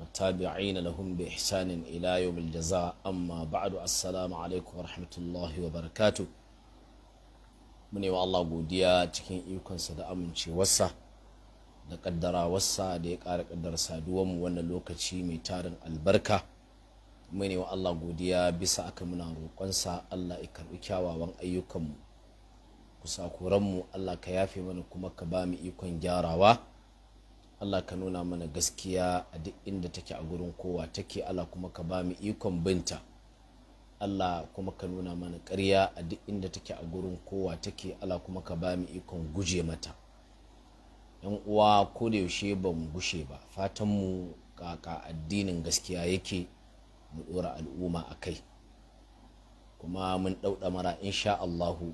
والتابعين لهم بإحسان إلى يوم الجزاء أما بعد السلام عليكم ورحمة الله وبركاته mune wa Allah godiya cikin ikonsa da amincewarsa da wasa da ya ƙara kaddar saduwanmu wannan lokaci mai tarin albarka mune wa Allah godiya bisa aka muna roƙonsa Allah ya karɓi kyawawan ayyukanmu kusakuranmu Allah ka yafe mana kuma ka ba mu ikon gyarawa Allah ka nuna mana gaskiya a duk inda take a gurin kowa take Allah kuma ka ba mu ikon binta Allah kuma ka nuna mana ƙarya a duk inda take a gurin kowa take Allah kuma ka ba mu ikon guje mata yan uwa ko da yaushe ba mu gushe ba fatan mu kaka addinin gaskiya yake mu dora al'umma a kai kuma mun ɗauɗa mara insha Allahu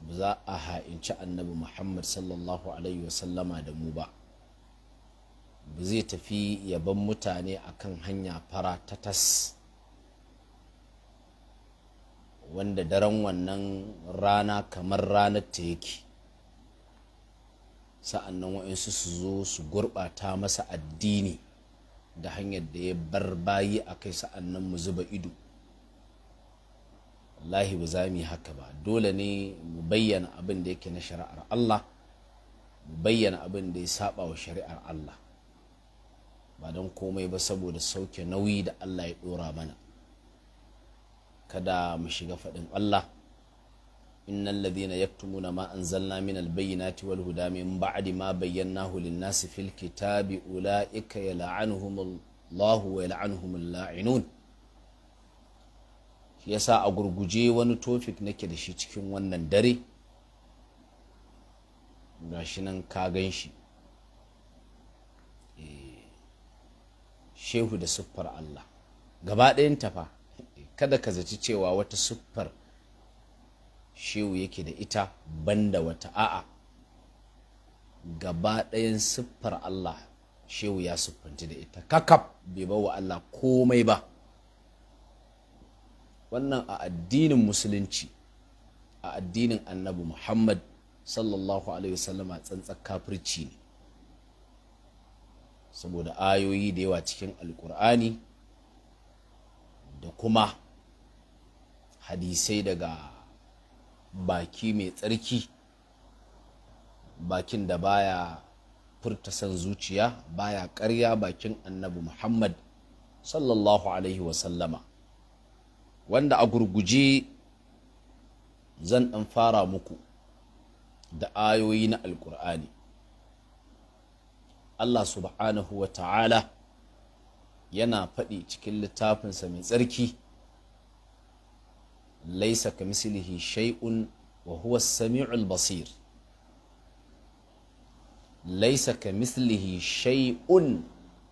ba za a ha'inci annabi Muhammad sallallahu alaihi wasallama da mu ba ba zai tafi yaban mutane akan hanya fara ta tas wanda daren wannan rana kamar ranar ta yake sa'an nan waɗansu su zo su gurɓata masa addini da hanyar da ya bar bayi a kai sa'an nan mu zuba ido wallahi ba za mu yi haka ba dole ne mu bayyana abin da yake na shari'ar Allah mu bayyana abin da ya saba wa shari'ar Allah ba don komai ba saboda sauke nauyi da Allah ya ɗora mana kada mu shiga faɗin Allah innal ladhina yaktumuna ma anzalna min albayyinati wal huda min ba'di ma bayyanahu lin nasi fil kitabi ulaika yal'anuhum Allah wa yal'anuhum la'inun yasa a gurguje wani topic nake da shi cikin wannan dare gashi nan ka gan shi shehu da siffar Allah gaba ɗayan tafa kada ka zaci cewa wata siffar shehu yake da ita banda wata a'a gaba ɗayan siffar Allah shehu ya siffanci da ita kakaf bai bawa Allah komai ba wannan a addinin musulunci a addinin annabi muhammad sallallahu alaihi wasallama tsantsar kafirci ne saboda ayoyi da yawa cikin alkur'ani da kuma hadisai daga baki mai tsarki bakin da baya furta san zuciya baya karya bakin annabi muhammad sallallahu alaihi wasallama wanda a gurguje zan ɗan fara muku da ayoyi na alkur'ani Allah subhanahu wa ta'ala yana faɗi cikin littafinsa mai tsarki laisa ka mislihi shay'un wa huwa sami'ul basir laisa ka mislihi shay'un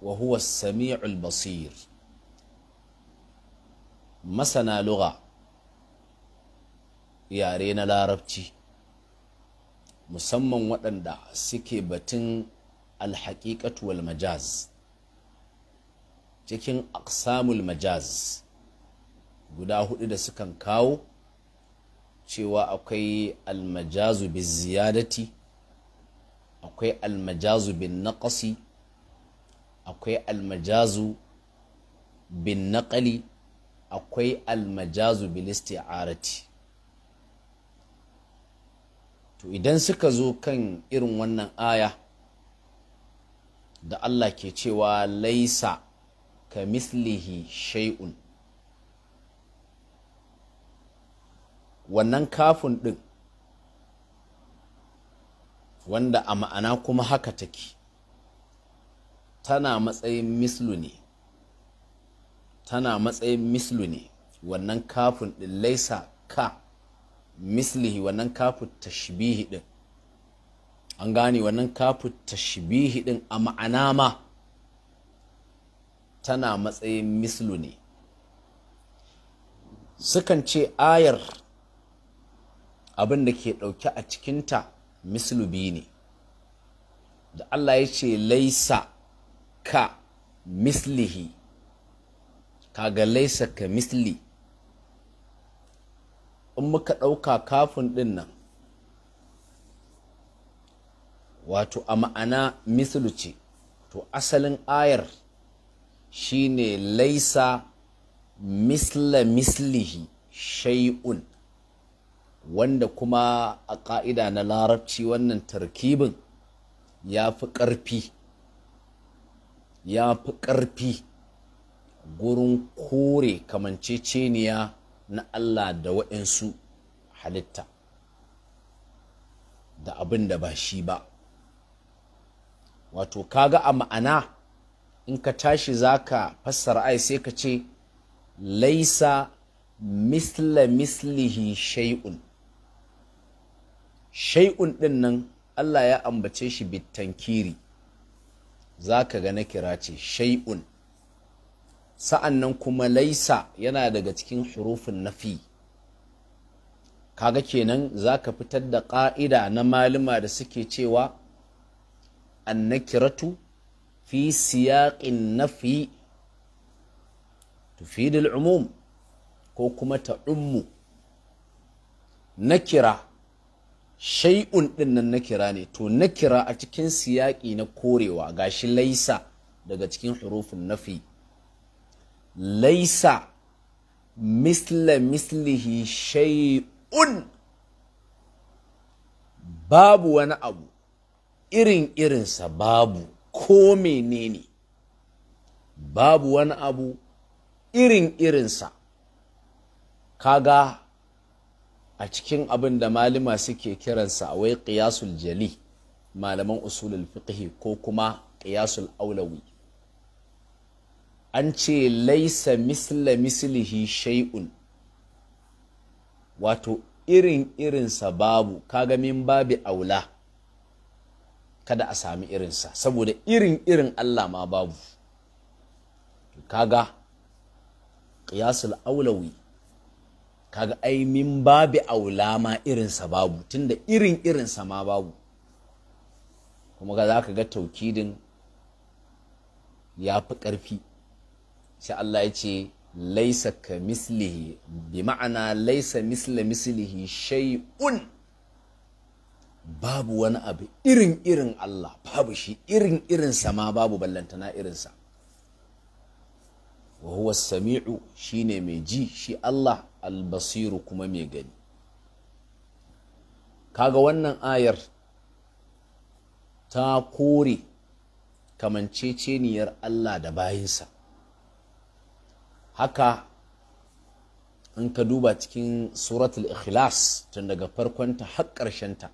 wa huwa sami'ul basir masana lugha yare na larabci musamman waɗanda suke batun alhaƙiƙatu walmajaz cikin aksamul majaz guda hudu da sukan kawo cewa akwai almajazu bin ziyadati akwai almajazu bin naƙasi akwai almajazu bin naƙali akwai almajazu bin isti'arati to idan suka zo kan irin wannan aya da Allah ke cewa laisa ka mislihi shay'un wannan kafin ɗin wanda a ma'ana kuma haka take tana matsayin mislu ne tana matsayin mislu ne wannan kafin ɗin laisa ka mislihi wannan kafin tashbihi ɗin an gane wannan kafu tashbihi din a ma'ana ma tana matsayin mislu ne sukan ce ayar abin da ke ɗauke a cikinta mislu biyu ne da Allah ya ce laisa ka mislihi kaga laisa ka misli in muka ɗauka kafin ɗin nan wato a ma'ana mithlu ce to asalin ayar shine laisa misla mislihi shay'un wanda kuma a ƙa'ida na larabci wannan tarkibin ya fi ƙarfi ya fi ƙarfi gurin kore kamanceceniya na Allah da waɗansu halitta da abin da ba shi ba wato kaga a ma'ana in ka tashi za ka fassara ai sai ka ce laisa misla mislihi shay'un shay'un din nan Allah ya ambace shi bitankiri ka ga na kira ce shay'un sa'an nan kuma laisa yana daga cikin hurufin nafi kaga kenan za ka fitar da ƙa'ida na malima da suke cewa annakiratu fi siyaqin nafi tufidul umum ko kuma ta ummu nakira shai'un ɗin nan nakira ne to nakira a cikin siyaƙi na korewa ga shi laisa daga cikin hurufin nafi laisa misla mislihi shay'un babu wani abu irin irinsa babu ko menene babu wani abu irin irinsa kaga a cikin abin da malima suke kiransa wai qiyasul jali malaman usulul fiqhi ko kuma qiyasul aulawi an ce laisa misla mislihi shay'un wato irin irinsa babu kaga min babi aula kada a sami irinsa saboda irin irin Allah ma babu kaga ƙiyasul aulawi kaga ai min babi aula ma irinsa babu tunda irin irinsa ma babu kuma ga zaka ga taukidin ya fi ƙarfi sai Allah ya ce laisa ka mislihi bi ma'ana laisa misla mislihi shay'un babu wani abu irin irin Allah babu shi irin irin sama babu ballantana irinsa wa huwa sami'u shine mai ji shi Allah albasiru kuma mai gani kaga wannan ayar ta kore kamanceceniyar Allah da bayinsa haka in ka duba cikin suratul ikhlas tun daga farkonta har ƙarshenta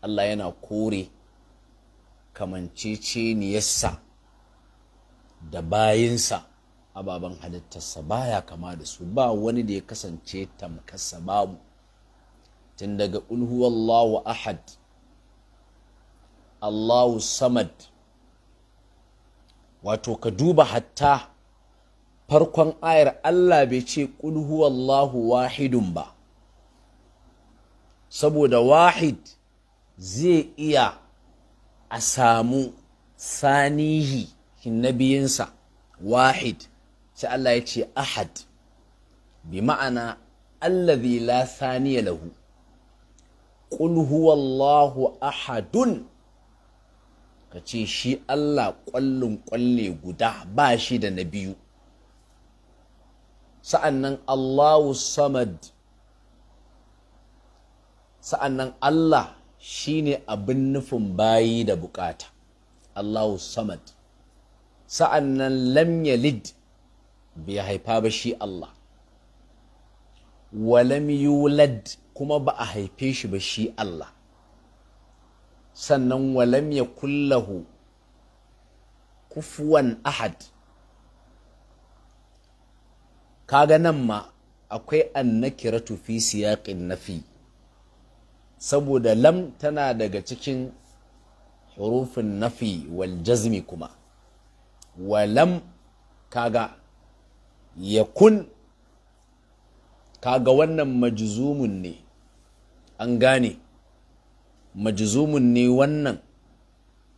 Allah yana kore kamanceceniyarsa da bayinsa ababen halittarsa baya kama da su ba wani da ya kasance tamkarsa babu tun daga Allahu ahad Allahu samad wato ka duba hatta farkon ayar Allah bai ce ƙulhuwallahu wahidun ba saboda wahid zai iya a samu sanihi nabiyinsa wahid sai Allah ya ce ahad bi ma'ana allazi la saniya lahu qul huwallahu ahadun ka ce shi Allah ƙwallin kwalle guda ba shi da na biyu sa'annan Allahu samad sa'annan Allah shine abin nufin bayi da bukata Allahu samad sa'an nan lam yalid bai haifa ba shi Allah Wa walam yulad kuma ba a haife shi ba shi Allah sannan walam ya kullahu kufuwan ahad kaga nan ma akwai annakiratu fi siyaqin nafi saboda lam tana daga cikin hurufin nafi wal jazmi kuma wa lam kaga kun kaga wannan majzumun ne an gane majzumun ne wannan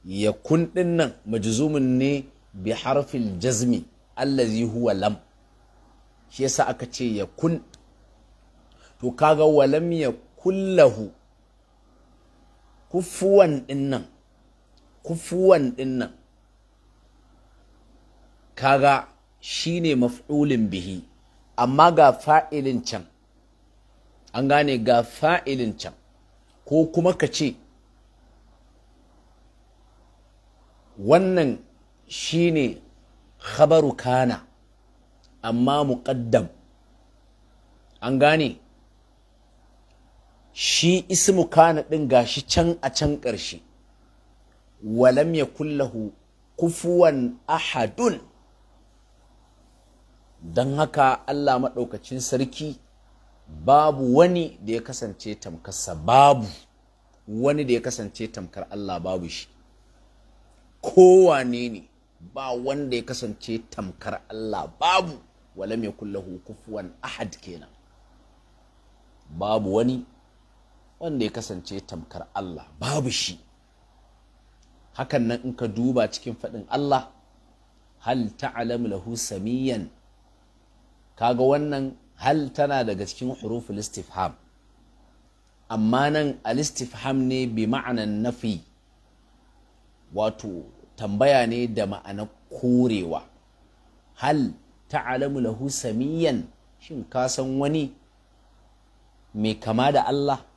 yakun din nan majzumun ne bi harfin jazmi allazi huwa lam shi yasa aka ce ya kun. to kaga walam ya kullahu kufuwan dinnan kufuwan dinnan kaga shine maf'ulin bihi amma ga fa'ilin can an gane ga fa'ilin can ko kuma ka ce wannan shine khabaru kana amma muqaddam an gane shi ismu kana ɗin gashi can a can ƙarshe walam ya kullahu kufuwan ahadun don haka Allah maɗaukacin sarki babu wani da ya kasance tamkarsa babu wani da ya kasance tamkar Allah babu shi kowane ne ba wanda ya kasance tamkar Allah babu walam ya kullahu kufuwan ahad kenan babu wani wanda ya kasance tamkar Allah babu shi hakan nan in ka duba cikin faɗin Allah hal ta'lamu lahu samiyan kaga wannan hal tana daga cikin huruful istifham amma nan al-istifham ne bi ma'anan nafi wato tambaya ne da ma'ana korewa hal ta'lamu lahu samiyan shin ka san wani mai kama da Allah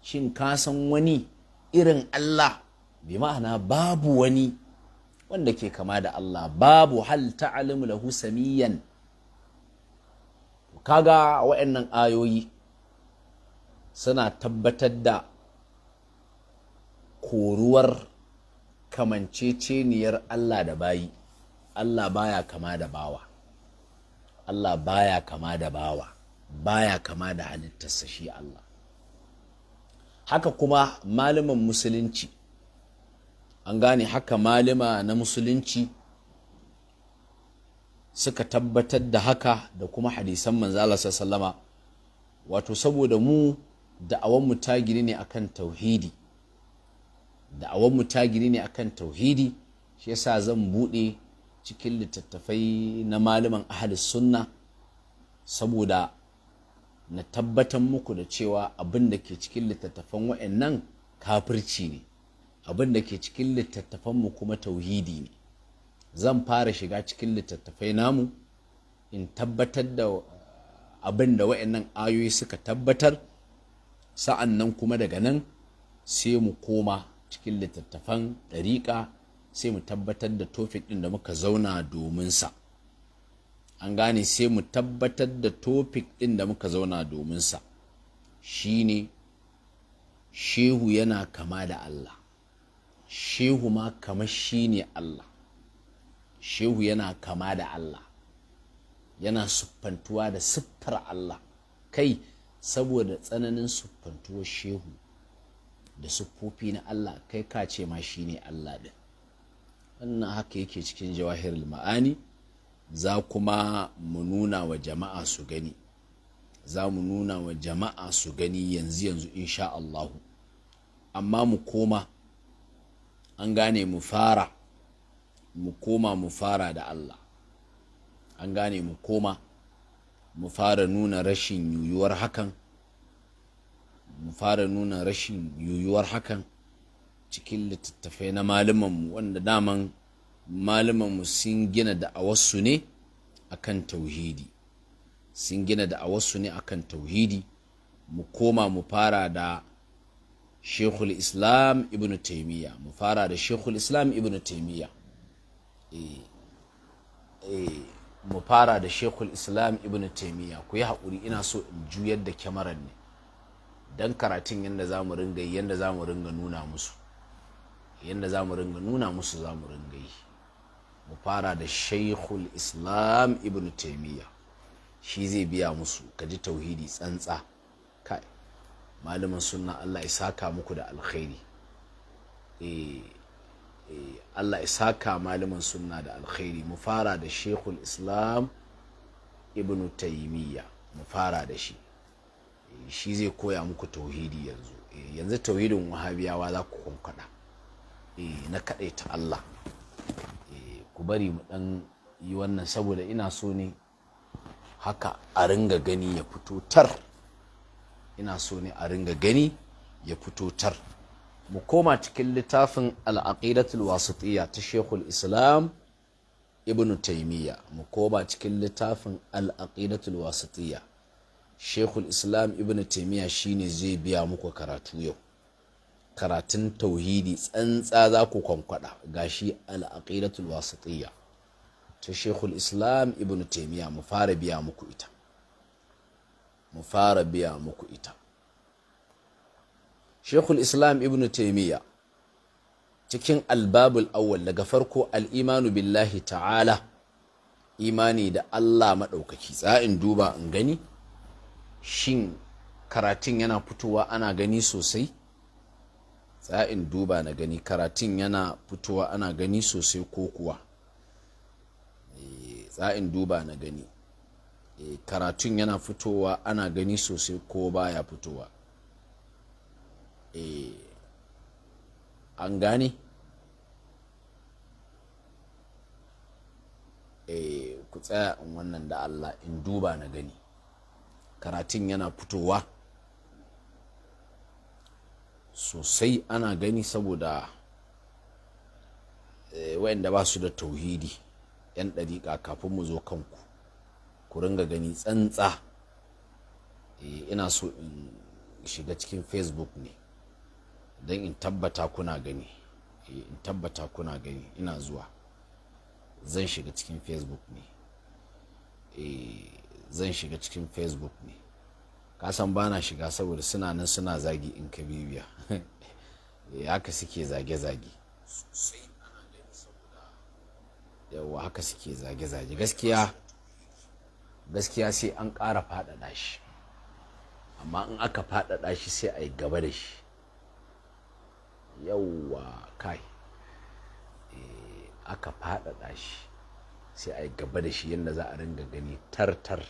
shin ka san wani irin Allah bi ma'ana babu wani wanda ke kama da Allah babu hal ta'alimu lahu samiyan kaga wa'annan ayoyi suna tabbatar da koruwar kamanceceniyar Allah da bayi Allah baya kama da bawa Allah baya kama da bawa baya kama da halittarsa shi Allah haka kuma malaman musulunci an gane haka malama na musulunci suka tabbatar da haka da kuma hadisan manzala sallama wato saboda mu da'awanmu ta gini ne akan tauhidi da'awanmu ta gini ne akan tauhidi shi yasa zan buɗe cikin littattafai na malaman ahalis sunna saboda na tabbatar muku da cewa abin da ke cikin littattafan wa'annan kafirci ne abin da ke cikin littattafanmu kuma tauhidi ne zan fara shiga cikin littattafai namu in tabbatar da uh, abin da wa'annan ayoyi suka tabbatar sa'an nan kuma daga nan sai mu koma cikin littattafan dariƙa. sai mu tabbatar da tofik ɗin da muka zauna domin sa an gane sai mu tabbatar da topic ɗin da muka zauna domin sa shine shehu yana kama da Allah shehu ma kama shine Allah shehu yana kama da Allah yana siffantuwa da siffar Allah kai saboda tsananin siffantuwar shehu da siffofi na Allah kai ka ce ma shine Allah din wannan haka yake cikin jawahirul ma'ani za kuma mu nuna wa jama'a su gani za mu nuna wa jama'a su gani yanzu yanzu insha Allahu amma mu koma an gane mu fara mu koma mu fara da Allah an gane mu koma mu fara nuna rashin yuyuwar hakan mu fara nuna rashin yuyuwar hakan cikin littattafai na mu wanda daman malamanmu sun gina wasu ne akan tauhidi sun gina wasu ne akan tauhidi mu koma mu fara da shekul islam ibn taimiyya mu fara da shekul islam ibn taimiyya eh, eh, mu fara da shekul islam ibn taimiyya ku yi haƙuri ina so in juyar da kyamarar ne don karatun yadda za mu ringa yi yadda za mu ringa nuna musu yadda za mu ringa nuna musu za mu ringa yi mu fara da shaikhul islam ibn taimiyya shi zai biya musu ka ji tauhidi tsantsa kai malamin sunna allah saka muku da alkhairi eh, eh, allah saka malamin sunna da alkhairi mu fara da shaikhul islam ibn taimiyya mu fara da shi eh, shi zai koya muku tauhidi yanzu yanzu tauhidin wahabiyawa za ku kwankwada na kaɗaita allah ku bari mu ɗan yi wannan saboda ina so ne haka a ringa gani ya fito tar ina so ne a ringa gani ya fito tar mu koma cikin littafin al'aqidatul wasitiyya ta shekul islam ibn taimiyya mu koma cikin littafin al'aqidatul wasitiyya shekul islam ibn taimiyya shine zai biya muku karatu yau karatun tauhidi tsantsa za ku kwankwada gashi al'aqidatul wasatiyya ta shekul islam ibn taimiyya mu fara biya muku ita mu fara biya muku ita shekul islam ibn taimiyya cikin albabul awwal daga farko al'imanu billahi ta'ala imani da allah maɗaukaki tsa'in duba in gani shin karatun yana fitowa ana gani sosai in duba na gani karatun yana fitowa ana gani sosai ko kuwa eh, in duba na gani eh, karatun yana fitowa ana gani sosai ko baya fitowa eh, an gane ku tsaya in wannan da allah in duba na gani karatun yana fitowa sosai ana gani saboda eh, waɗanda ba su da tauhidi 'yan ɗariƙa kafin mu zo kanku ku ringa gani tsantsa eh, ina so in shiga cikin facebook ne don in tabbata kuna gani eh, in tabbata kuna gani ina zuwa zan shiga cikin facebook ne zan shiga cikin facebook ne kasan ba na shiga saboda suna nan suna zagi in ka bibiya eh, haka suke zage-zage yawa haka suke zage-zage gaskiya gaskiya sai an ƙara faɗaɗa shi amma in aka faɗaɗa shi sai a yi gaba da shi yawa kai eh, aka faɗaɗa shi sai a yi gaba da shi yadda za a ringa gani tartar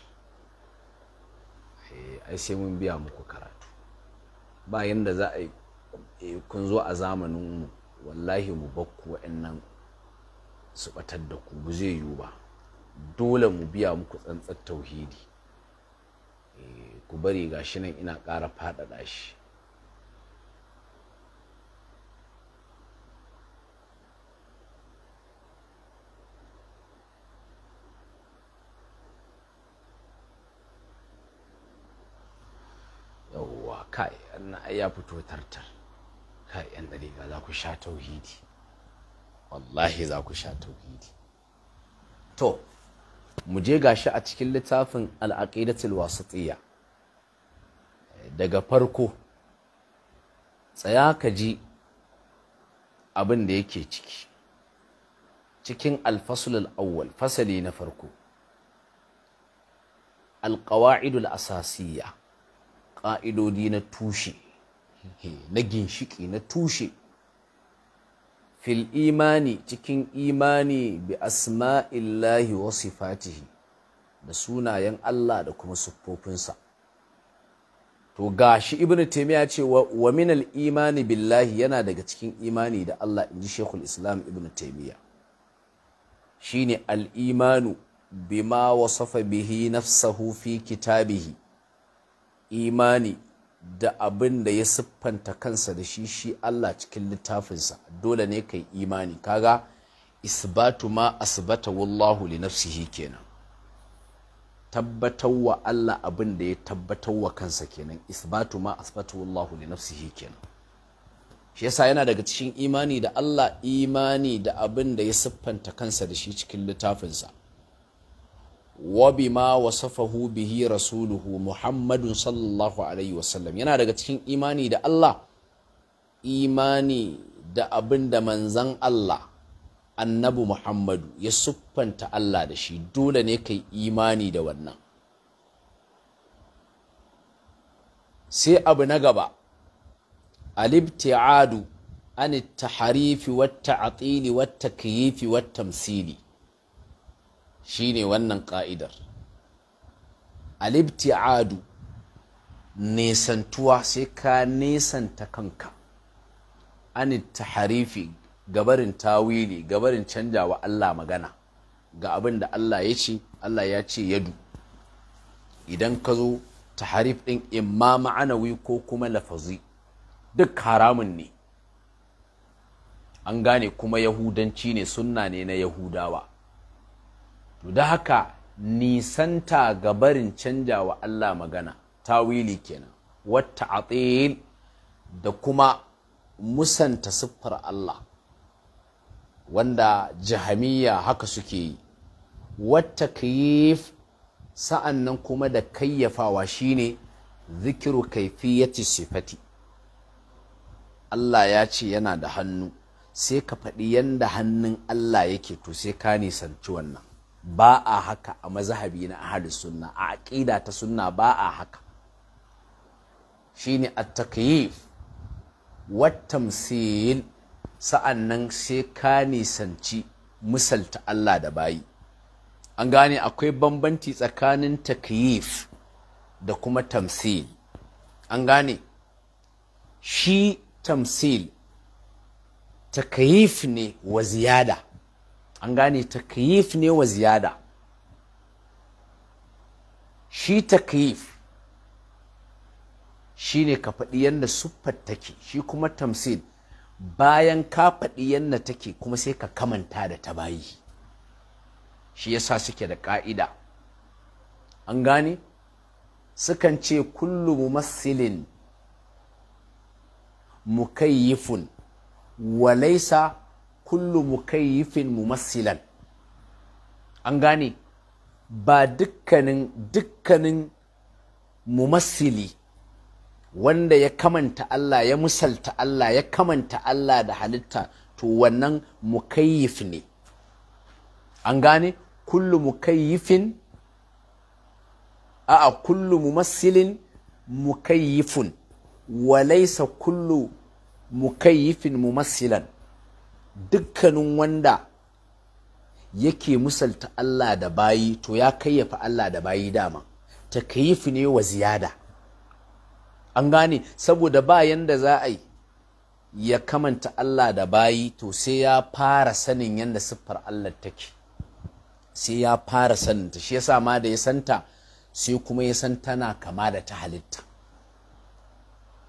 ai sai mun biya muku karatu ba yadda za a yi eh, kun zo a zamanin mu wallahi mu bakku wa'annan su batar da ku bu zai yiwu ba dole mu biya muku tsantsar tauhidi eh, ku bari gashi nan ina ƙara faɗaɗa shi ya fito tartar ka yan dariƙa za ku sha tauhidi wallahi za ku sha tauhidi to mu je gashi a cikin littafin al-aqidatul wasatiyya daga farko tsaya ka ji abin da yake ciki cikin al awwal fasali na farko alƙawa'idul asasiyya ƙa'idodi na tushe na ginshiki na tushe fil imani cikin imani bi asma'illahi wa sifatihi da sunayen Allah da kuma siffofinsa to gashi ibnu taymiya ce wa min al imani billahi yana daga cikin imani da Allah inji shekul islam ibnu taymiya shine al imanu bima wasafa bihi nafsahu fi kitabihi imani da abin da ya siffanta kansa da shi shi Allah cikin littafinsa dole ne kai imani kaga isbatu ma asbata wallahu li nafsihi kenan tabbatar wa Allah abin da ya tabbatar wa kansa kenan isbatu ma asbata wallahu li nafsihi kenan shi yasa yana daga cikin imani da Allah imani da abin da ya siffanta kansa da shi cikin littafinsa وبما وصفه به رسوله محمد صلى الله عليه وسلم yana daga cikin imani da Allah imani da abin da manzan Allah annabi Muhammadu ya siffanta Allah da shi dole ne kai imani da wannan sai abu na gaba alibti'adu an at-tahrifi wat-ta'tili wat-takyifi wat-tamsili Shi ne wannan ka'idar alibti'adu nesantuwa sai ka nesanta kanka an harifi gabarin tawili gabarin canjawa Allah magana ga abin da Allah ya ce Allah ya ce yadu idan ka zo ta taharif ɗin imma ma'anawi ko kuma lafazi duk haramun ne an gane kuma yahudanci ne sunna ne na yahudawa to da haka nisanta ga barin canja wa Allah magana tawili kenan wata atil da kuma musanta siffar Allah wanda jahamiya haka suke yi wata kayif sa'an nan kuma da kayyafawa shine zikiru kaifiyati sifati Allah ya ce yana da hannu sai ka faɗi yanda hannun Allah yake to sai ka nisanci wannan ba a haka a mazhabi na ahadu sunna a aqida ta sunna ba a haka shine at-takyif wat tamsil sa'annan sai ka nisanci misalta Allah da bayi an gane akwai bambanci tsakanin takyif da kuma tamsil an gane shi tamsil takyif ne wa ziyada an gane takayif ne wa ziyada shi takayif shi ne ka faɗi yadda siffar take shi kuma tamsil bayan ka faɗi yadda take kuma sai ka kamanta da ta bayi shi yasa suke da ƙa'ida an gane sukan ce kullu mumassilin mukayyifun walaisa kullu mukayyifin mumassilan an gane ba dukkanin dukkanin mumassili wanda ya kamanta Allah ya musalta Allah ya kamanta Allah da halitta to wannan mukayyif ne an gane kullu mukayyifin a'a kullu mumassilin mukayyifun walaisa kullu mukayyifin mumassilan dukkanin wanda yake musalta Allah da bayi to ya kayyafa Allah da bayi dama takayifi ne wa ziyada an gane saboda bayan da za a yi ya kamanta Allah da bayi to sai ya fara sanin yadda siffar Allah take sai ya fara sanin saninta shi yasa ma da ya santa sai kuma ya san tana kama da ta halitta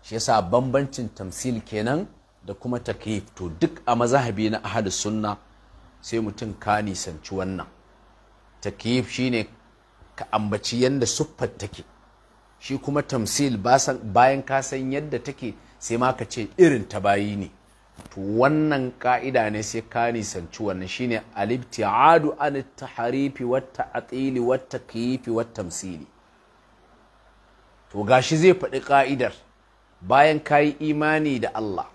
shi yasa bambancin tamsil kenan da kuma takif to duk a mazahabi na ahadu sunna sai mutum ka nisanci wannan shi shine ka ambaci yadda siffar take shi kuma tamsil bayan ka san yadda take sai ma ka ce irin ta bayi ne to wannan ka'ida ne sai ka nisanci wannan shine adu an taharifi wata atili wata kifi wata tamsili to gashi zai faɗi ka'idar bayan ka yi imani da Allah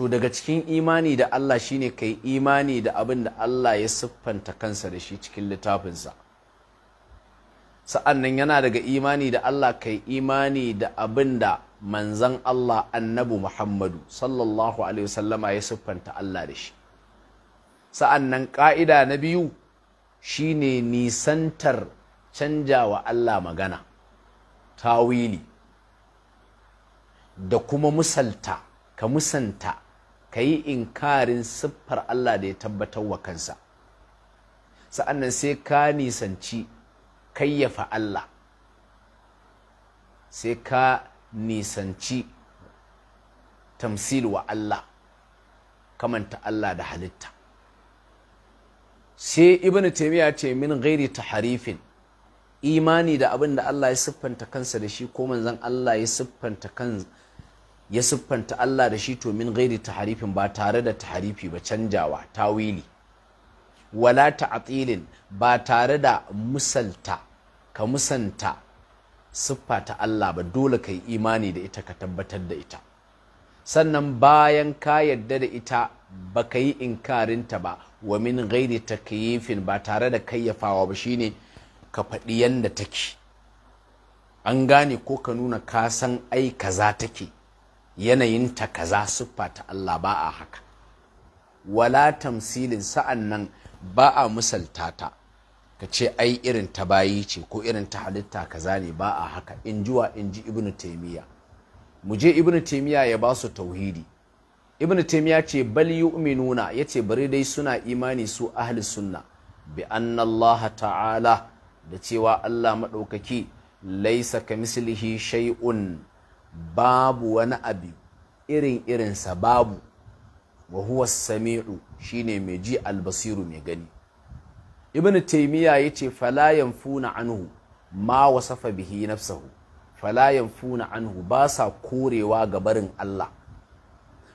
to daga cikin imani da Allah shine kai imani da abin da Allah ya siffanta kansa da shi cikin littafinsa sa'annan yana daga imani da Allah kai imani da abin da manzan Allah annabu Muhammadu sallallahu alaihi wasallama ya siffanta Allah da shi sa'annan ƙa'ida na biyu shine nisantar canjawa Allah magana tawili da kuma musalta ka musanta ka yi inkarin siffar Allah da ya tabbatar wa kansa sa'annan sai ka nisanci kayyafa Allah sai ka nisanci tamsil wa Allah kamanta Allah da halitta sai ibn taimiyya ce min gairi harifin imani da abin da Allah ya siffanta kansa da shi ko manzon Allah ya siffanta kansa ya siffanta Allah da shi to min gairi taharifin ba tare da taharifi ba canjawa tawili wala ta'atilin ba tare da musalta ka musanta siffa ta Allah ba dole ka yi imani da ita ka tabbatar da ita sannan bayan ka yadda da ita ba ka yi inkarinta ba wa min gairi takyifin ba tare da kayyafawa ba shine ka faɗi yadda take an gane ko ka nuna ka san ai kaza take yanayin ta kaza siffa ta Allah ba a haka wala tamsilin sa'an nan ba a misalta ta ka ce ai irin ta bayi ce ko irin ta halitta kaza ne ba a haka in jiwa in ji ibnu taimiyya mu je ibnu taimiyya ya ba su tauhidi ibnu taimiyya ce bal yu'minuna yace bari dai suna imani su ahli sunna bi anna Allah ta'ala da cewa Allah maɗaukaki laisa ka mislihi shay'un babu wani abu irin irinsa babu wa huwa sami'u shine mai ji albasiru mai gani ibn taymiya yace fala yanfuna anhu ma wasafa bihi nafsahu fala yanfuna anhu ba sa korewa ga barin Allah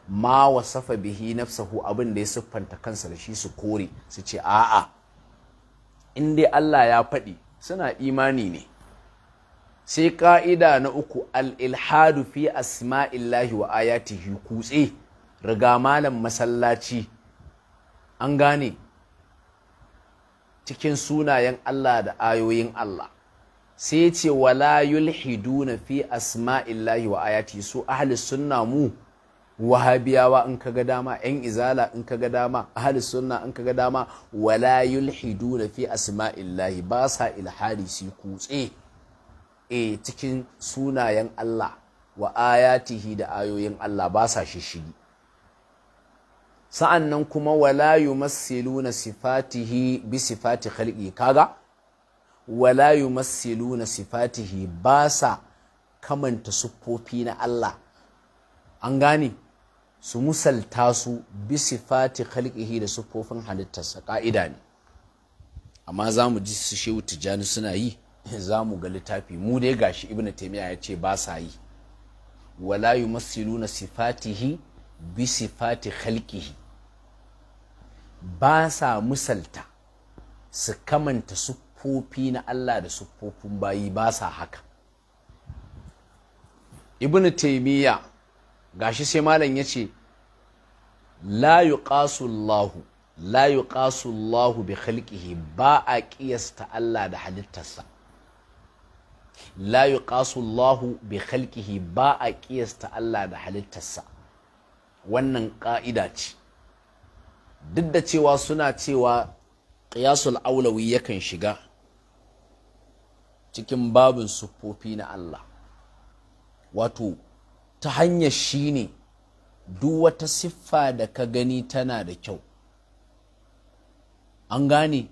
ma wasafa bihi nafsahu abin da ya siffanta kansa da shi su kore su ce a'a in dai Allah ya faɗi suna imani ne sai ka'ida na uku al'ilhadu fi asma'illahi wa ayatihi kutse riga malam masallaci an gane cikin sunayen Allah da ayoyin Allah sai ce wala na fi asma'illahi wa ayati su ahli sunna mu wahabiyawa in kaga dama yan izala in kaga dama ahli sunna in kaga dama wala na fi asma'illahi ba sa ilhadi su kutse e cikin sunayen Allah wa ayatihi da ayoyin Allah ba sa shishigi sa'an nan kuma wala na sifatihi bi sifati khalqi kaga wala na sifatihi ba sa kamanta siffofi na Allah an gane su musalta su bi sifati khalqihi da siffofin halittarsa ƙa'ida ne amma za mu ji su shehu tijjani suna yi za mu ga littafi mu dai gashi ibnu taymiya ya ce ba sa yi wala yumassiluna sifatihi bi sifati khalqihi ba sa musalta su kamanta siffofi na Allah da siffofin bayi ba sa haka ibnu taymiya gashi sai malam ya ce la yuqasu Allahu la yuqasu Allahu bi khalqihi ba a kiyasta Allah da halittarsa la yuqasu Allahu bi khalqihi ba a kiyasta Allah da halittarsa wannan ka'ida ce duk da cewa suna cewa ƙiyasul aulawi yakan shiga cikin babin siffofi na Allah wato ta hanyar shi ne duk wata siffa da ka gani tana da kyau an gane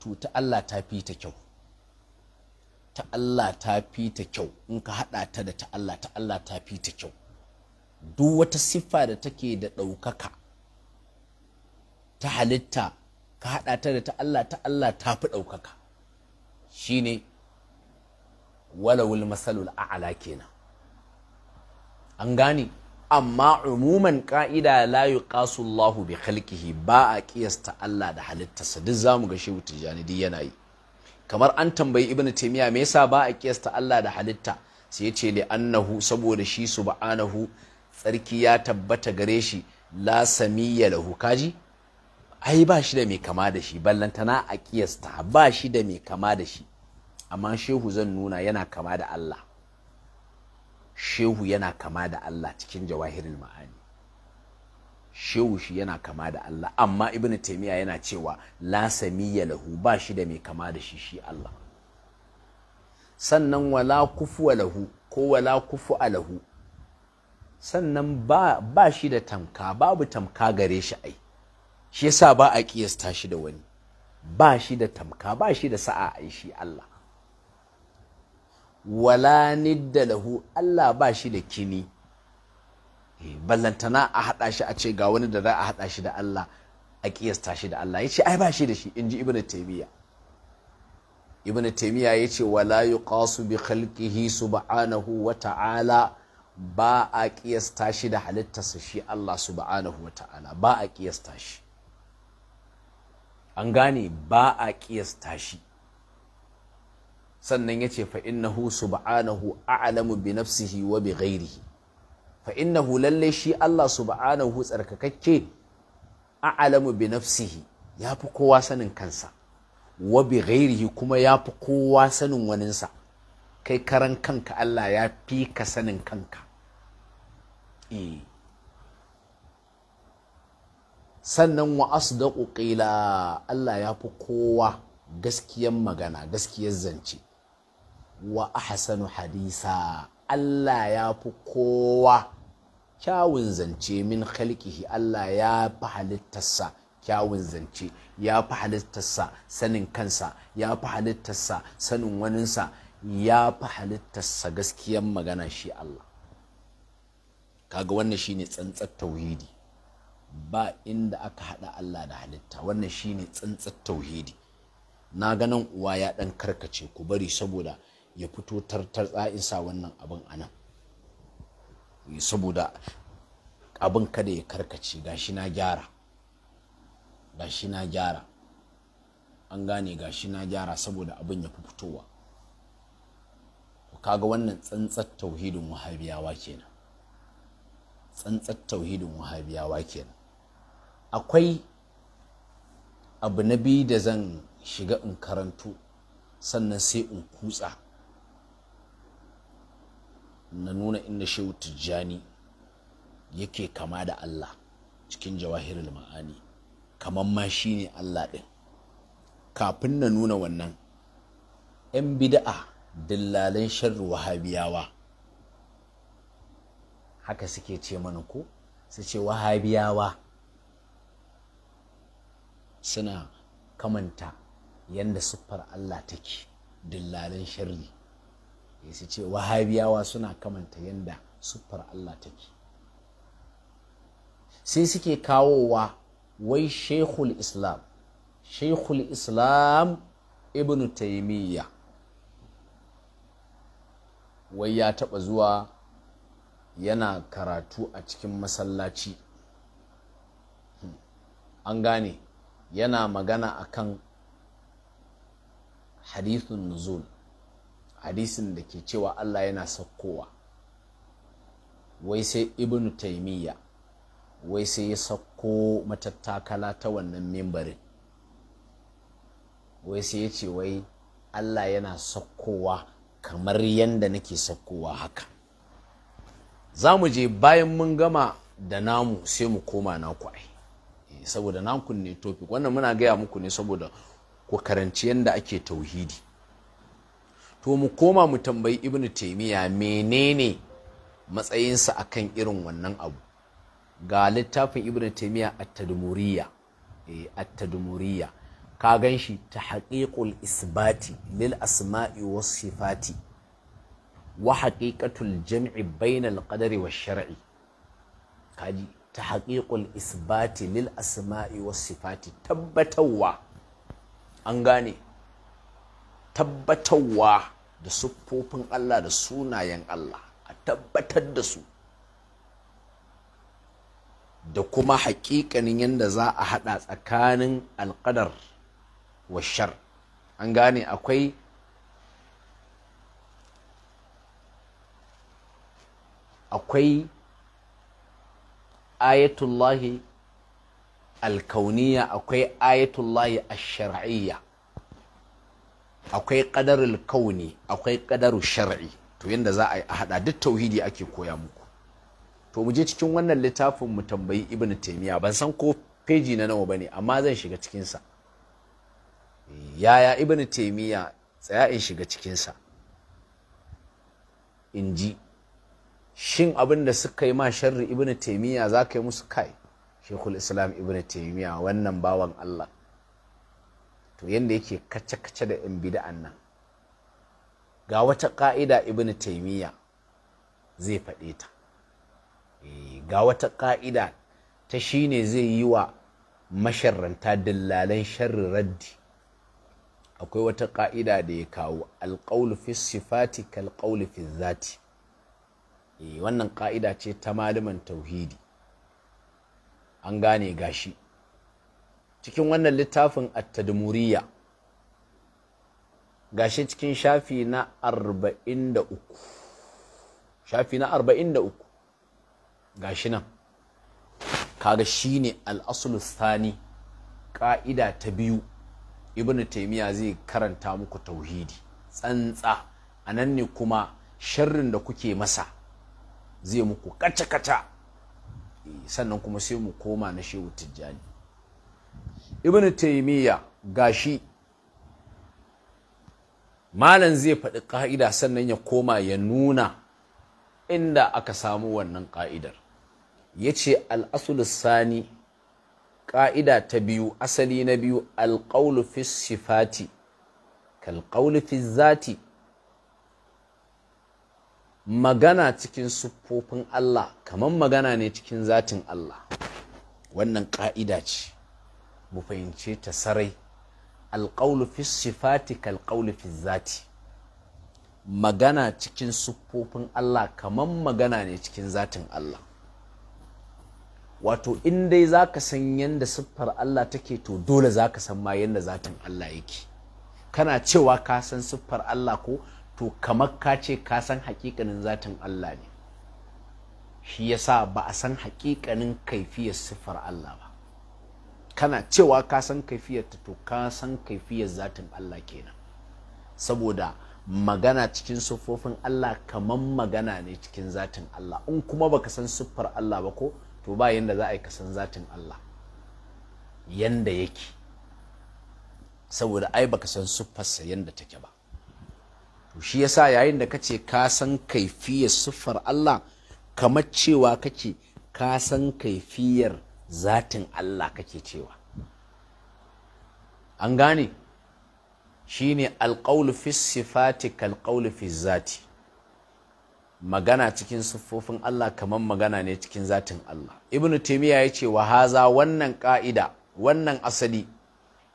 to ta Allah ta fi ta kyau ta Allah ta fi ta kyau in ka haɗa ta da ta Allah ta Allah ta fi ta kyau duk wata siffa da take da ɗaukaka ta halitta ka haɗa ta da ta Allah ta Allah ta fi ɗaukaka shine walawul masalul a'ala kenan an gane amma umuman ƙa'ida la Allahu bi khalqihi ba a kiyasta Allah da halittarsa duk zamu ga shehu tijani duk yana yi kamar an tambayi ibnu taimiyya me yasa ba a kiyasta Allah da halitta sai ya ce li'annahu saboda shi subhanahu tsarki ya tabbata gare shi la samiyya lahu kaji ai ba shi da mai kama da shi ballantana a kiyasta ba shi da mai kama da shi amma shehu zan nuna yana kama da Allah shehu yana kama da Allah cikin jawahirin ma'ani shehu shi yana kama da Allah amma ibn taimiya yana cewa la samiyya lahu ba shi da mai kama da shi shi Allah sannan wala kufu lahu ko wala kufu lahu sannan ba, ba shi da tamka babu tamka gare shi ai shi yasa ba a kiyasta shi da wani ba shi da tamka ba shi da sa'a ai shi Allah wala nidda lahu Allah ba shi da kini ballantana a haɗa shi a ce ga wani da za a haɗa shi da Allah a kiyasta shi da Allah ya ce ai ba shi da shi in ji ibn taymiya ibn taymiya ya ce wala yuqasu bi khalqihi subhanahu wa ta'ala ba a kiyasta shi da halittarsa shi Allah subhanahu wa ta'ala ba a kiyasta shi an gane ba a kiyasta shi sannan ya ce fa innahu subhanahu a'lamu bi nafsihi wa bi ghairihi fa innahu lalle shi Allah subhanahu tsarkakakke a'lamu bi nafsihi fi kowa sanin kansa wa bi ghairihi kuma fi kowa sanin waninsa kai karan kanka Allah ya fi ka sanin kanka e. sannan wa asdaqu qila Allah ya fi kowa gaskiyar magana gaskiyar zance wa ahsanu hadisa Allah ya fi kowa kyawun zance min khalqihi Allah ya fi halittarsa kyawun zance ya fi halittarsa sanin kansa ya fi halittarsa sanin waninsa ya fi halittarsa gaskiyan magana shi Allah kaga wannan shine tsantsar tauhidi ba inda aka haɗa Allah da halitta wannan shine tsantsar tauhidi na ganin uwa ya ɗan karkace ku bari saboda ya fito tartar sa wannan abin anan saboda abin kada ya karkace gashi na gyara gashi na gyara an gane gashi na gyara saboda abin ya fi fitowa kaga wannan tsantsar tauhidin wahabiyawa kenan tsantsar tauhidin wahabiyawa kenan akwai abu na biyu da zan shiga in karanto sannan sai in kutsa na nuna inda shehu tijjani yake kama da Allah cikin jawahirul ma'ani kamar ma shi ne Allah ɗin kafin na nuna wannan 'yan bida'a dillalan sharru wahabiyawa haka suke ce mana ko su ce wahabiyawa suna kamanta yadda siffar Allah take dillalan sharri su ce wahabiyawa suna kamanta yadda siffar Allah take sai suke kawowa wai shekul islam shekul islam ibn taimiyya wai ya taɓa zuwa yana karatu a cikin masallaci an gane yana magana akan hadithun nuzul hadisin da ke cewa Allah yana sakkowa wai sai Ibn taimiyya wai sai ya sakko matattakala ta wannan mimbarin wai sai ya ce wai Allah yana sakkowa kamar yadda nake sakkowa haka za mu je bayan mun gama da namu sai mu koma naku ai eh, saboda naku ne topic wannan muna gaya muku ne saboda ku karanci yadda ake tauhidi to mu koma mu tambayi Ibn taimiya menene matsayinsa a kan irin wannan abu ga littafin Ibn taimiya a tadmuriya eh a ka gan shi ta haƙiƙul isbati lil asma'i was sifati wa haƙiƙatul jam'i bainal qadari wa shar'i kaji ta haƙiƙul isbati lil asma'i was sifati tabbatarwa an gane tabbatarwa da siffofin Allah da sunayen Allah a tabbatar da su da kuma hakikanin yadda za a hada tsakanin alƙadar wa an gane akwai akwai ayatullahi alkauniya akwai ayatullahi ash-shar'iyya akwai qadarul kauni akwai qadaru shar'i to yanda za a haɗa duk tauhidi ake koya muku to mu je cikin wannan littafin mu tambayi ibn taymiya ban san ko peji na nawa bane amma zan shiga cikin sa yaya ibn taymiya tsaya in shiga cikin sa in shin abin da suka yi ma sharri ibnu taymiya za ka yi musu kai shekul islam ibnu taymiya wannan bawan allah to yadda yake kace-kace da 'yan bida'an nan ga wata ƙa'ida ibn taimiyya zai faɗe ta eh, ga wata ƙa'ida ta shine zai yi wa masharranta dillalan sharri raddi akwai wata ƙa'ida da ya kawo alƙaulufi sifati kalƙaulufi zati eh, wannan ƙa'ida ce ta malaman tauhidi an gane gashi cikin wannan littafin at-tadmuriyya gashi cikin shafi na 43 shafi na 43 gashi nan kaga shine al-aslu thani ka'ida ta biyu ibnu taymiya zai karanta muku tauhidi tsantsa A nan ne kuma sharrin da kuke masa zai muku kaca-kaca eh, sannan kuma sai mu koma na shehu tijjani ibn taimiyya gashi malam zai faɗi ƙa'ida sannan ya koma ya nuna inda aka samu wannan ƙa'idar ya ce Sani ƙa'ida ta biyu asali na biyu alƙaulu fi sifati kalƙaulu fi zati magana cikin siffofin Allah kamar magana ne cikin zatin Allah wannan ƙa'ida ce mu fahimce ta sarai alƙaulu fi sifati kalƙaulu fi zati magana cikin siffofin Allah kamar magana ne cikin zatin Allah wato in dai za ka san yadda siffar Allah take to dole za ka san ma yadda zatin Allah yake kana cewa ka san siffar Allah ko to kamar ka ce ka san hakikanin zatin Allah ne shi yasa ba a san hakikanin kaifiyar siffar Allah ba kana cewa ka san kaifiyarta to ka san kaifiyar zatin Allah kenan saboda magana cikin siffofin Allah kamar magana ne cikin zatin Allah in kuma baka san siffar Allah ba ko to ba yanda za a yi ka san zatin Allah yanda yake saboda ai baka san siffarsa yanda take ba to shi yasa yayin da kace ka san kaifiyar siffar Allah kamar cewa kake ka san kaifiyar zatin Allah kake cewa an gane shine alqawlu fi sifati kalƙaulu fi zati magana cikin siffofin Allah kamar magana ne cikin zatin Allah ibnu ya ya wa haza wannan ƙa'ida wannan asali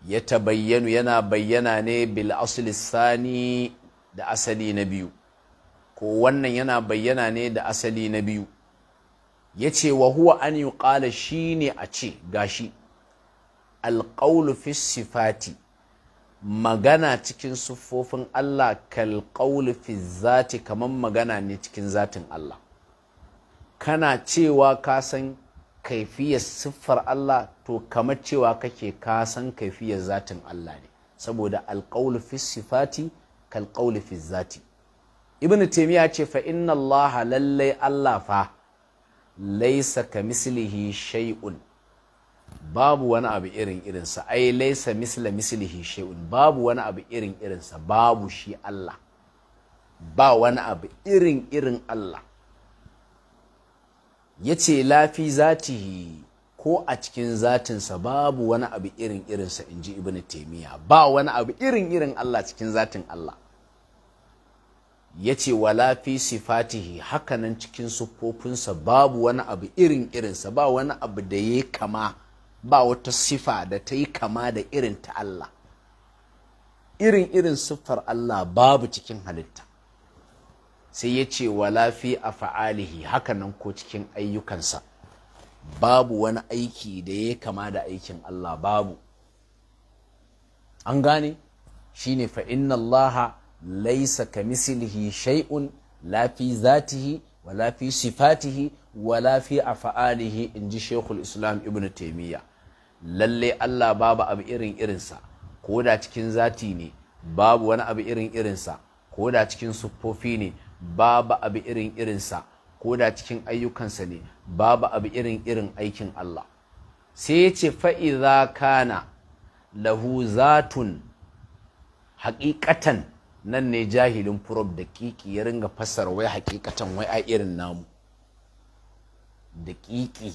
ya ta bayyanu yana bayyana ne bil sani da asali na biyu ko wannan yana bayyana ne da asali na biyu ya ce wa huwa an yi ƙala shi ne a ce gashi alƙaulu fi sifati magana cikin siffofin Allah kalƙaulu fi zati kamar magana ne cikin zatin Allah kana cewa ka san kaifiyar siffar Allah to kamar cewa kake ka san kaifiyar zatin Allah ne saboda alƙaulu fi sifati kalƙaulu fi zati ibn taimiyya ce fa inna Allah lallai Allah fa laisa ka mislihi shay'un babu wani abu irin irinsa ai laisa misla mislihi shay'un babu wani abu irin irinsa babu shi Allah ba wani abu irin irin Allah yace lafi zatihi ko a cikin zatinsa babu wani abu irin irinsa in ji ibn taimiyya ba wani abu irin irin Allah cikin zatin Allah ya ce wa lafi sifatihi hakanan cikin siffofinsa babu wani abu irin irinsa ba wani abu da ya kama ba wata sifa da ta yi kama da irin ta Allah irin irin siffar Allah babu cikin halitta sai ya ce wa a fa'alihi hakanan ko cikin ayyukansa babu wani aiki da ya kama da aikin Allah babu an gane shi ne fa’in Allah laisa misilihi shay'un la fi zatihi wa fi sifatihi wala fi afa'alihi in ji shekul islam ibn taimiyya lalle allah babu abu irin irinsa ko da cikin zati ne babu wani abu irin irinsa ko da cikin siffofi ne babu abu irin irinsa ko da cikin ayyukansa ne babu abu irin irin aikin allah sai ya ce fa'iza kana lahu zatun haƙiƙatan nan ne jahilin furob da kiki ya ringa fassara wai hakikatan wai a irin namu da kiki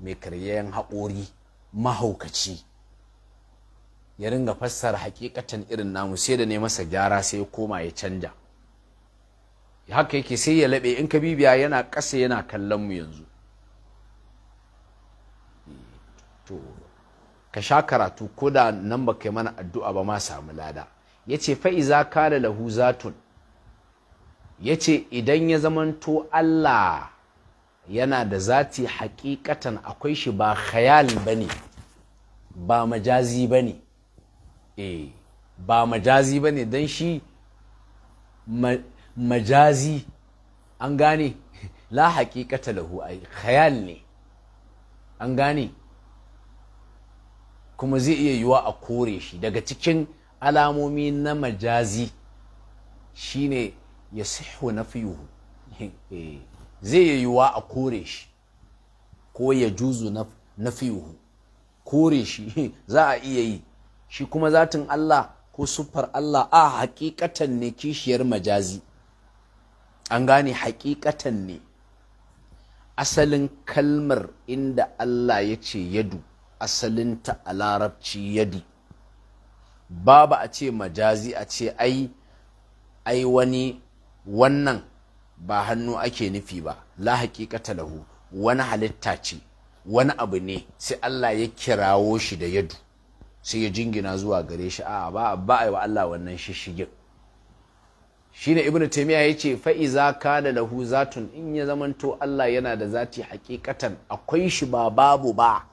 mai karyayen haƙori mahaukaci ya ringa fassara hakikatan irin namu sai da ne masa gyara sai ya koma ya canja haka yake sai ya laɓe in ka bibiya yana ƙasa yana kallon mu yanzu to ka sha karatu ko da nan ba kai mana addu'a ba ma samu lada yace ce fa'iza kana lahu zatun ya ce idan ya zamanto Allah yana da zati hakikatan akwai shi ba khayal ba ba majazi ba e eh ba majazi ba ne shi majazi an gane la hakikata lahu ai khayal ne an gane kuma zai iya yiwa a kore shi daga cikin alamomi na majazi shine ya sihu na fiyuhu eh, zai yiwuwa a kore shi ko ya juzu na fiyuhu kore shi za a iya yi shi kuma zatin Allah ko sufar Allah a hakikatan ne kishiyar majazi an gane hakikatan ne asalin kalmar inda Allah ya ce yadu asalinta a larabci yadu babu a ce majazi a ce ai ai wani wannan ba hannu ake nufi ba la haƙiƙata lahu wani halitta ce wani abu ne sai Allah ya kirawo shi da yadu sai ya jingina zuwa gare shi A'a ba ba ai wa Allah wannan shishigin shine ibn taymiya yace fa iza kana lahu zatun in ya zamanto Allah yana da zati hakikatan akwai shi ba babu ba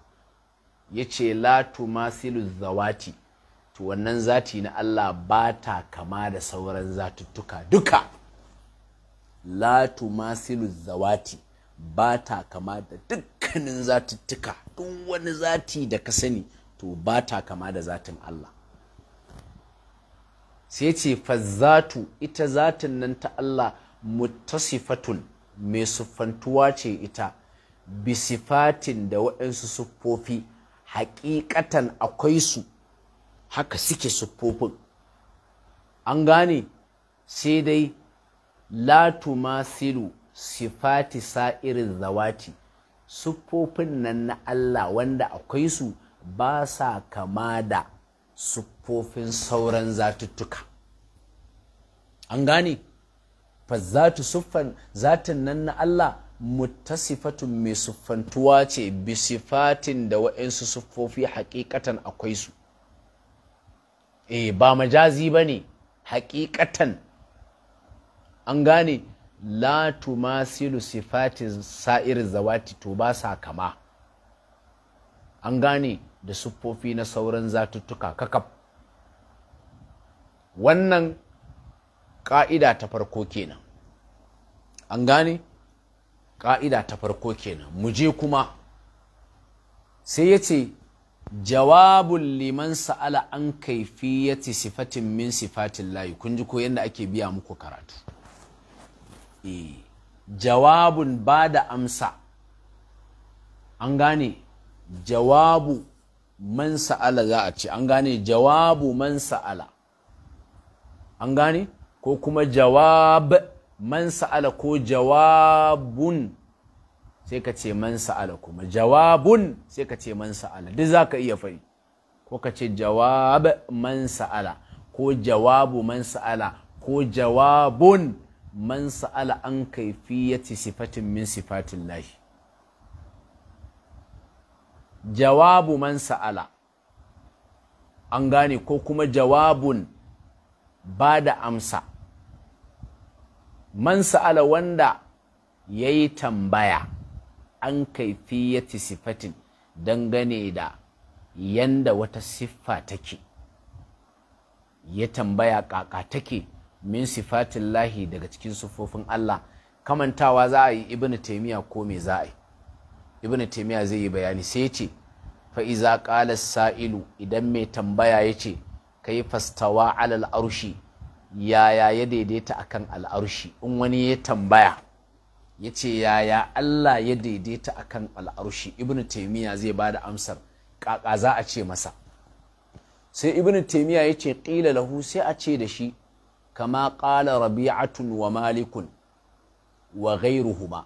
yace la tumasilu zawati to wannan zati na Allah ba ta kama da sauran zatuttuka duka la Masilu, zawati ba ta kama da dukkanin zatuttuka duk wani zati da ka sani to ba ta kama da zatin Allah sai ce fazzatu ita zatin nan ta Allah muttasifatun mai siffantuwa ce ita bisifatin da waɗansu siffofi hakikatan akwai su haka suke siffofin an gane sai dai la tumasilu sifati sa'irin zawati siffofin nan na Allah wanda akwai su ba sa kama da siffofin sauran zatuttuka an gane fa zatu siffan zatin nan na Allah muttasifatun mai siffantuwa ce bi sifatin da wa'insu siffofi hakikatan akwai su E ba majazi ba ne hakikatan an gane la tumasilu sifati sa'ir zawati to ba sa kama an gane da siffofi na sauran zatuttuka kakaf wannan ƙa'ida ta farko kenan an gane ƙa'ida ta farko kenan mu kuma sai ya ce jawabun liman Ala an kaifi kaifiyati sifatin min sifatin layi kun ji ko yadda ake biya muku karatu e jawabun ba da amsa an gane jawabu man sa'ala za a ce an gane jawabu man sa'ala an gane ko kuma jawab man sa'ala ko jawabun sai ka ce man sa'ala kuma jawabun sai ka ce man sa'ala duk za ka iya fari ko ka ce jawab man sa'ala ko jawabu man sa'ala ko jawabun man sa'ala an kaifiyati sifatin min sifatin lahi jawabu man sa'ala an gane ko kuma jawabun ba da amsa man sa'ala wanda ya yi tambaya an kaifi kaifiyati sifatin gane da yanda wata siffa take ya tambaya kaka take min sifatin lahi daga cikin siffofin Allah kamantawa za a yi ibn taimiya ko me za a yi ibn taimiya zai yi bayani sai ce fa'iza ƙalar sa'ilu idan mai tambaya ya ce kai fastawa alal arshi yaya ya daidaita akan al'arshi in wani ya tambaya ya ce yaya Allah ya daidaita a kan al'arshi ibn taimiyya zai ba da amsar ƙaƙa za a ce masa sai ibn taimiyya ya ce ƙila lahu sai a ce da shi kama ƙala rabi'atun wa malikun wa ghairuhuma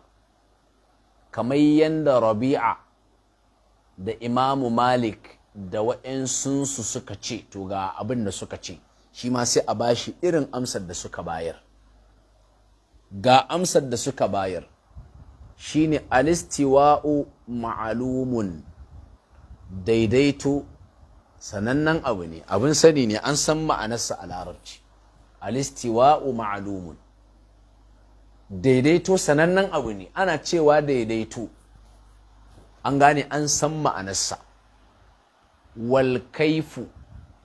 kamar yadda rabi'a da imamu malik da waɗansunsu suka ce to ga abin da suka ce shi ma sai a bashi irin amsar da suka bayar ga amsar da suka bayar shine alistiwa'u ma'alumun daidaito sanannen abu ne abin sani ne an san ma'anarsa a larabci alistiwa'u ma'alumun daidaito sanannen abu ne ana cewa daidaito an gane an san ma'anarsa Walkaifu. kaifu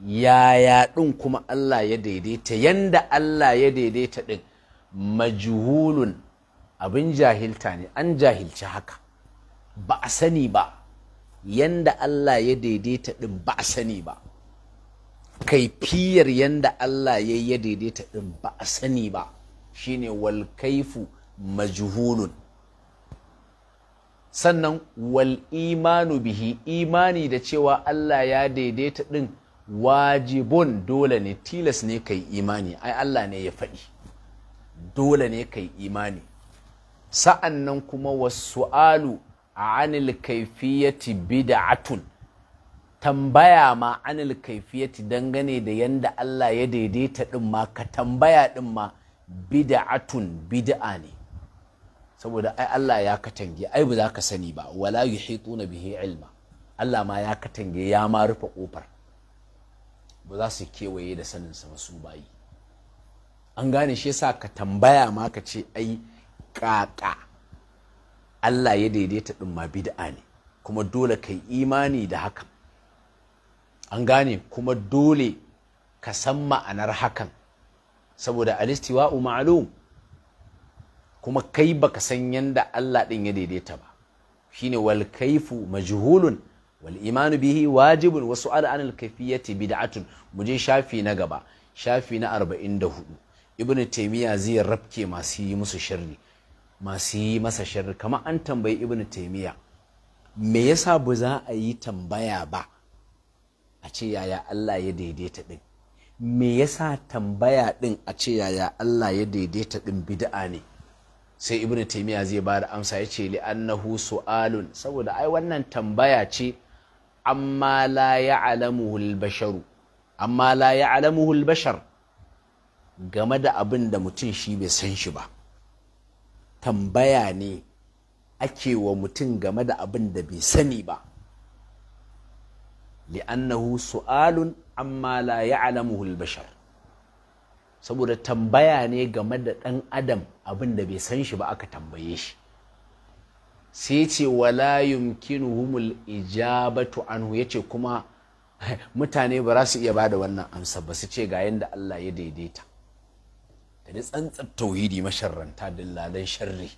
yaya ɗin kuma Allah ya daidaita yanda Allah ya daidaita ɗin majhulun abin jahilta ne an jahilci haka ba a sani ba yanda Allah ya daidaita ɗin ba a sani ba kaifiyar yanda Allah ya ya daidaita ɗin ba a sani ba shine wal kaifu majhulun sannan wal imanu bihi imani da cewa Allah ya daidaita ɗin wajibun dole ne tilas ne kai imani ai Allah ne ya faɗi dole ne kai imani sa'an nan kuma wasu'alu a anil kaifiyati bid'atun tambaya ma anil kaifiyati dangane da yanda Allah ya daidaita ɗin ma ka tambaya ɗin ma bid'atun bid'a ne saboda ai Allah ya katange ai ba za ka sani ba wala yuhituna bihi ilma Allah ma ya katange ya ma rufe kofar ba za su kewaye da saninsa sa su bayi an gane shi yasa ka tambaya ma ka ce ai kaka Allah ya daidaita din ma bid'a ne kuma dole kai imani da hakan an gane kuma dole ka san ma'anar hakan saboda alistiwa'u ma'lum kuma kai baka san yanda Allah din ya daidaita ba shine wal kaifu majhulun wal imanu bihi wajibun wasu su'al an al kayfiyati bid'atun mu shafi na gaba shafi na 44 ibn taimiya zai rabke masu yi musu shirri masu yi masa shirri kamar an tambayi ibn taimiya. me yasa ba za a yi tambaya ba a ce yaya Allah ya daidaita din me yasa tambaya din a ce yaya Allah ya daidaita din bid'a ne sai ibn taimiya zai ba da amsa ya ce li'annahu su'alun saboda ai wannan tambaya ce amma la ya'lamuhu al-basharu amma la ya'lamuhu al-bashar game da abin da mutum shi bai san shi ba tambaya ne ake wa mutum game da abin da bai sani ba li'annahu su'alun amma la ya'lamuhu al-bashar saboda tambaya ne game da ɗan adam abin da bai san shi ba aka tambaye shi sai ce wala humul ijabatu anhu yace kuma mutane ba za su iya bada wannan amsa ba su ce ga yadda Allah ya daidaita da tsantsar tauhidi masharranta dillalan sharri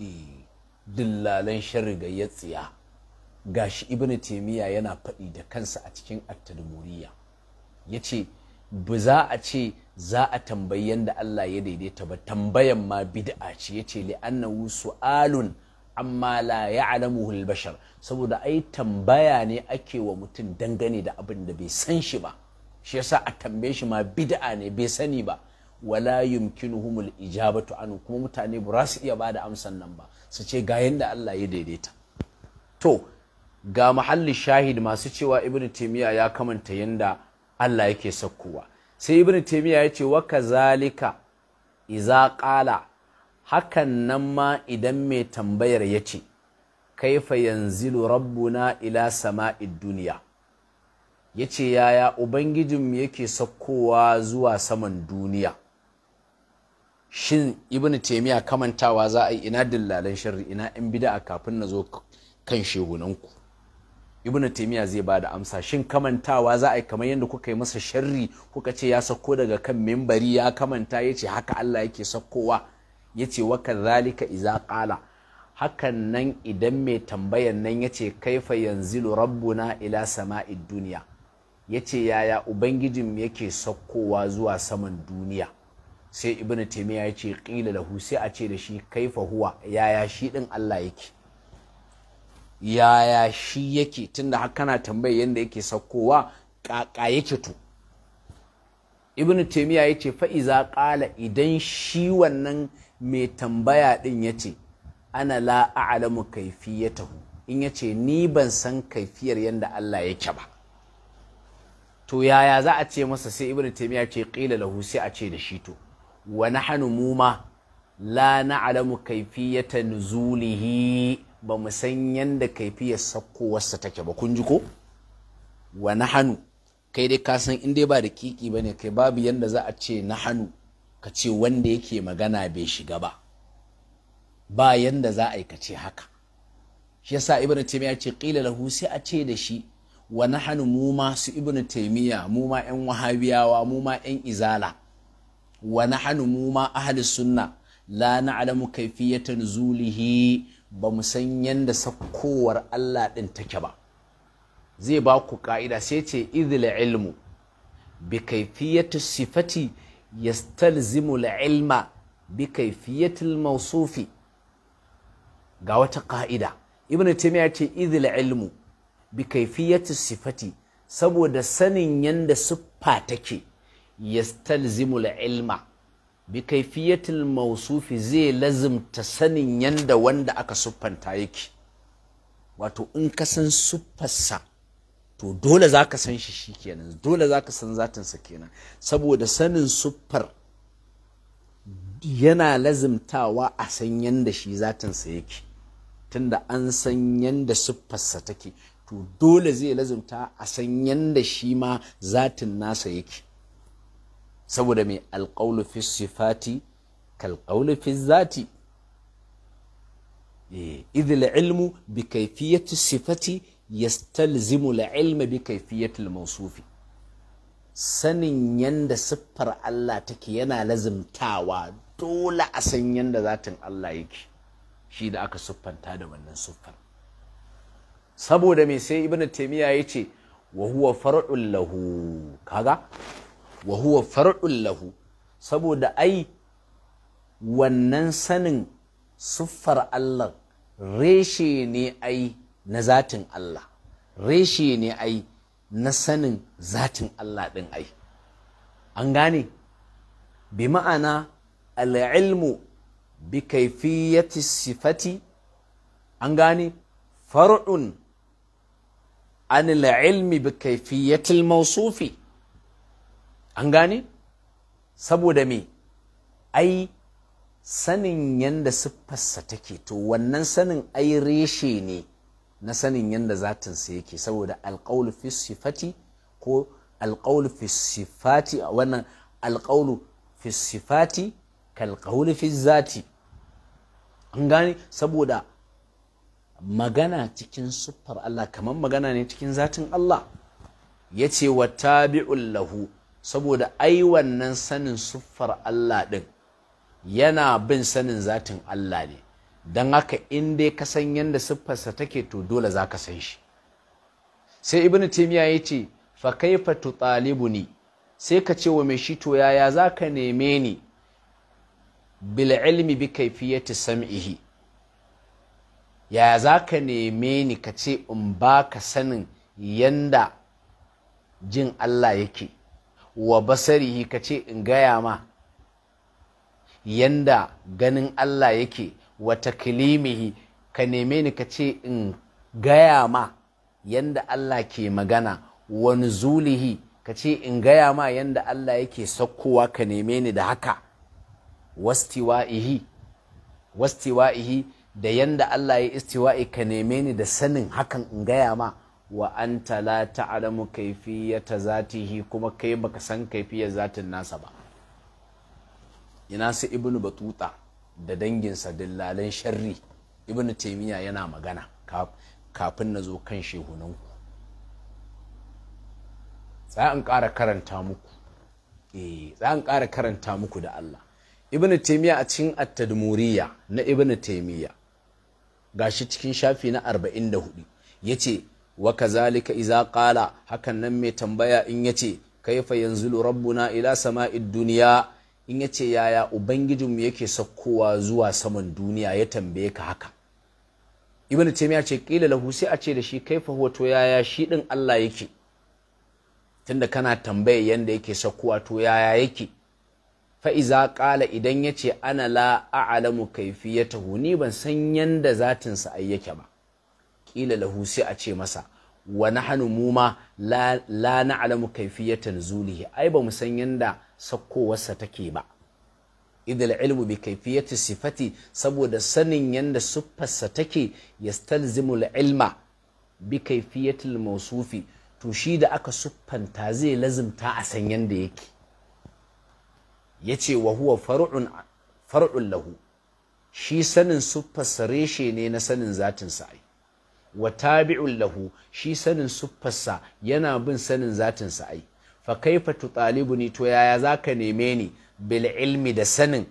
eh, dillalan sharri ga ya tsiya gashi ibn taimiyya yana faɗi da kansa a cikin at-tadmuriyya yace ba za a ce za a tambayi yadda Allah ya daidaita ba tambayan ma bid'a ce yace li'annahu su'alun amma la ya'lamuhu al-bashar saboda ai tambaya ne ake wa mutum dangane da abin da bai san shi ba shi yasa a tambaye shi ma bid'a ne bai sani ba wala humul ijabatu An kuma mutane ba su iya bada amsan nan ba su ce ga yanda Allah ya daidaita to ga mahalli shahid masu cewa ibn taymiya ya kamanta yanda Allah yake sakkowa sai ibn taymiya ya ce wa kazalika iza qala hakan nan ma idan mai tambayar yace. ce kaifa yanzilu rabbuna ila sama'id duniya ya ce yaya ubangijinmu yake sakkowa zuwa saman duniya shin ibn taimiya kamantawa za a yi ina dillalan sharri ina yan a kafin na zo kan shehunanku ibn taimiya zai ba da amsa shin kamantawa za a yi kamar yadda kuka yi masa sharri kuka ce ya sako daga kan membari ya kamanta ya ce haka allah yake sakowa ya ce wa zalika iza kala? hakan nan idan mai tambayan nan ya ce kaifa yanzilu rabbuna ila sama'id duniya ya ce yaya ubangijin yake saukowa zuwa saman duniya sai Ibn taimiyya ya ce ƙila lahu sai a ce da shi kaifa huwa yaya shi ɗin Allah yake yaya shi yake tunda haka kana tambayi yadda yake saukowa ƙaƙa yake to Ibn taimiyya ya ce fa iza idan shi wannan mai tambaya ɗin ya ce ana kaifi ya kaifiyatahu in ya ce ni ban san kaifiyar yadda Allah yake ba to yaya za a ce masa sai ibnu taimiyya ce ƙila lahu sai a ce da shi to wa nahnu muma la na'lamu ta nuzulihi ba mu san yanda kaifiyar sakkowarsa take ba kun ji ko wa hannu kai dai ka san in dai ba da kiki bane kai babu yadda za a ce hannu ka ce wanda yake magana bai shiga ba ba yadda za a yi ka ce haka shi sa ibnu taymiya ce ƙila lahu sai a ce da shi wa hannu mu ma su ibnu taymiya mu ma yan wahabiyawa mu ma yan izala wa hannu mu ma ahli sunna la alamu kayfiyata zulihi ba mu san yanda sakkowar Allah ɗin take ba zai ba ku ka'ida sai ce idhil ilmu bi kayfiyati sifati yastalzimu ilma bi kayfiyati mawsufi ga wata ka'ida ibnu taymiya ce idhil ilmu bi kayfiyati sifati saboda sanin yanda siffa take yastalzimul ilma bi kaifiyatil mausufi zai lazimta sanin yanda wanda aka siffanta yake wato in ka san siffarsa to dole za ka san shi shi kenan dole za ka san zatinsa kenan saboda sanin siffar yana lazimtawa a san yanda shi zatinsa yake tunda an san yanda siffarsa take to dole zai lazimta a san yanda shi ma zatin nasa yake saboda mai alƙaulu fi sifati kalƙaulu fi zati eh, idil ilmu bi kaifiyati sifati yastalzimu la ilma bi kaifiyati mausufi sanin yanda siffar Allah take yana lazimtawa dole a san yanda zatin Allah yake shi da aka siffanta da wannan siffar saboda me sai ibnu taymiya yace wa huwa far'un lahu kaga wa huwa lahu saboda ai wannan sanin siffar Allah reshe ne ai na zatin Allah reshe ne ai na sanin zatin Allah ɗin ai an gane bi ma'ana al'ilmu bi kaifiyati sifati an gane far'un an al'ilmi bi kaifiyati mausufi an gane saboda me ai sanin yadda siffarsa take to wannan sanin ai reshe ne na sanin yadda zatinsa yake saboda alƙaulu fi ko alƙaulu fi sifati wannan alƙaulu fi sifati kalƙaulu fi zati an gane saboda magana cikin siffar Allah kamar magana ne cikin zatin Allah ya ce wa tabi'un lahu saboda ai wannan sanin siffar Allah ɗin yana bin sanin zatin Allah ne don haka in dai ka san yadda siffarsa take to dole za ka san shi sai ibn taimiya ya ce fa kaifa sai ka ce wa mai shi to yaya za ka neme ni bil ilmi bi kaifiyati sam'ihi yaya za ka neme ni ka ce in ba ka sanin yanda jin Allah yake wa basarihi ka ce in gaya ma yanda ganin Allah yake wa taklimihi ka neme ni ka ce in gaya ma yanda Allah ke magana wa nuzulihi ka ce in gaya ma yanda Allah yake sakkowa ka neme ni da haka wastiwa'ihi wastiwa'ihi da yanda Allah ya istiwa'i ka neme ni da sanin hakan in gaya ma wa anta la ta kaifiyata zatihi kuma kai baka san kaifiyar zatin nasa ba ina su ibnu batuta da danginsa dillalan sharri ibnu taimiyya yana magana kafin na zo kan shehunanku za in ƙara karanta muku eh, karanta muku da Allah ibnu taimiyya a cikin at na ibnu taimiyya gashi cikin shafi na 44 yace wa kazalika iza qala hakan nan mai tambaya in yace kaifa yanzu rabbuna ila sama'id duniya in yace yaya ubangijinmu yake sakkowa zuwa saman duniya ya tambaye ka haka ibnu taymiya ce kila lahu sai a ce da shi kaifa hoto yaya shi din Allah yake tunda kana tambaya yanda yake sakkowa to yaya yake fa iza qala idan yace ana la a'lamu kayfiyatahu ni ban san yanda zatin ai yake ba qila lahu sai a ce masa wa nahnu mu ma la la na'lamu kayfiyata nuzulihi ai ba mu san yanda sakkowarsa take ba idal ilmu bi kayfiyati sifati saboda sanin yanda siffarsa take al ilma bi al mawsufi to shi da aka siffanta zai lazimta a san yanda yake yace wa huwa far'un far'un lahu shi sanin siffarsa reshe ne na sanin zatin sa wa tabi'un lahu shi sanin siffarsa yana bin sanin zatinsa ai fa kaifa tutalibuni to yaya zaka neme ni bil ilmi da sanin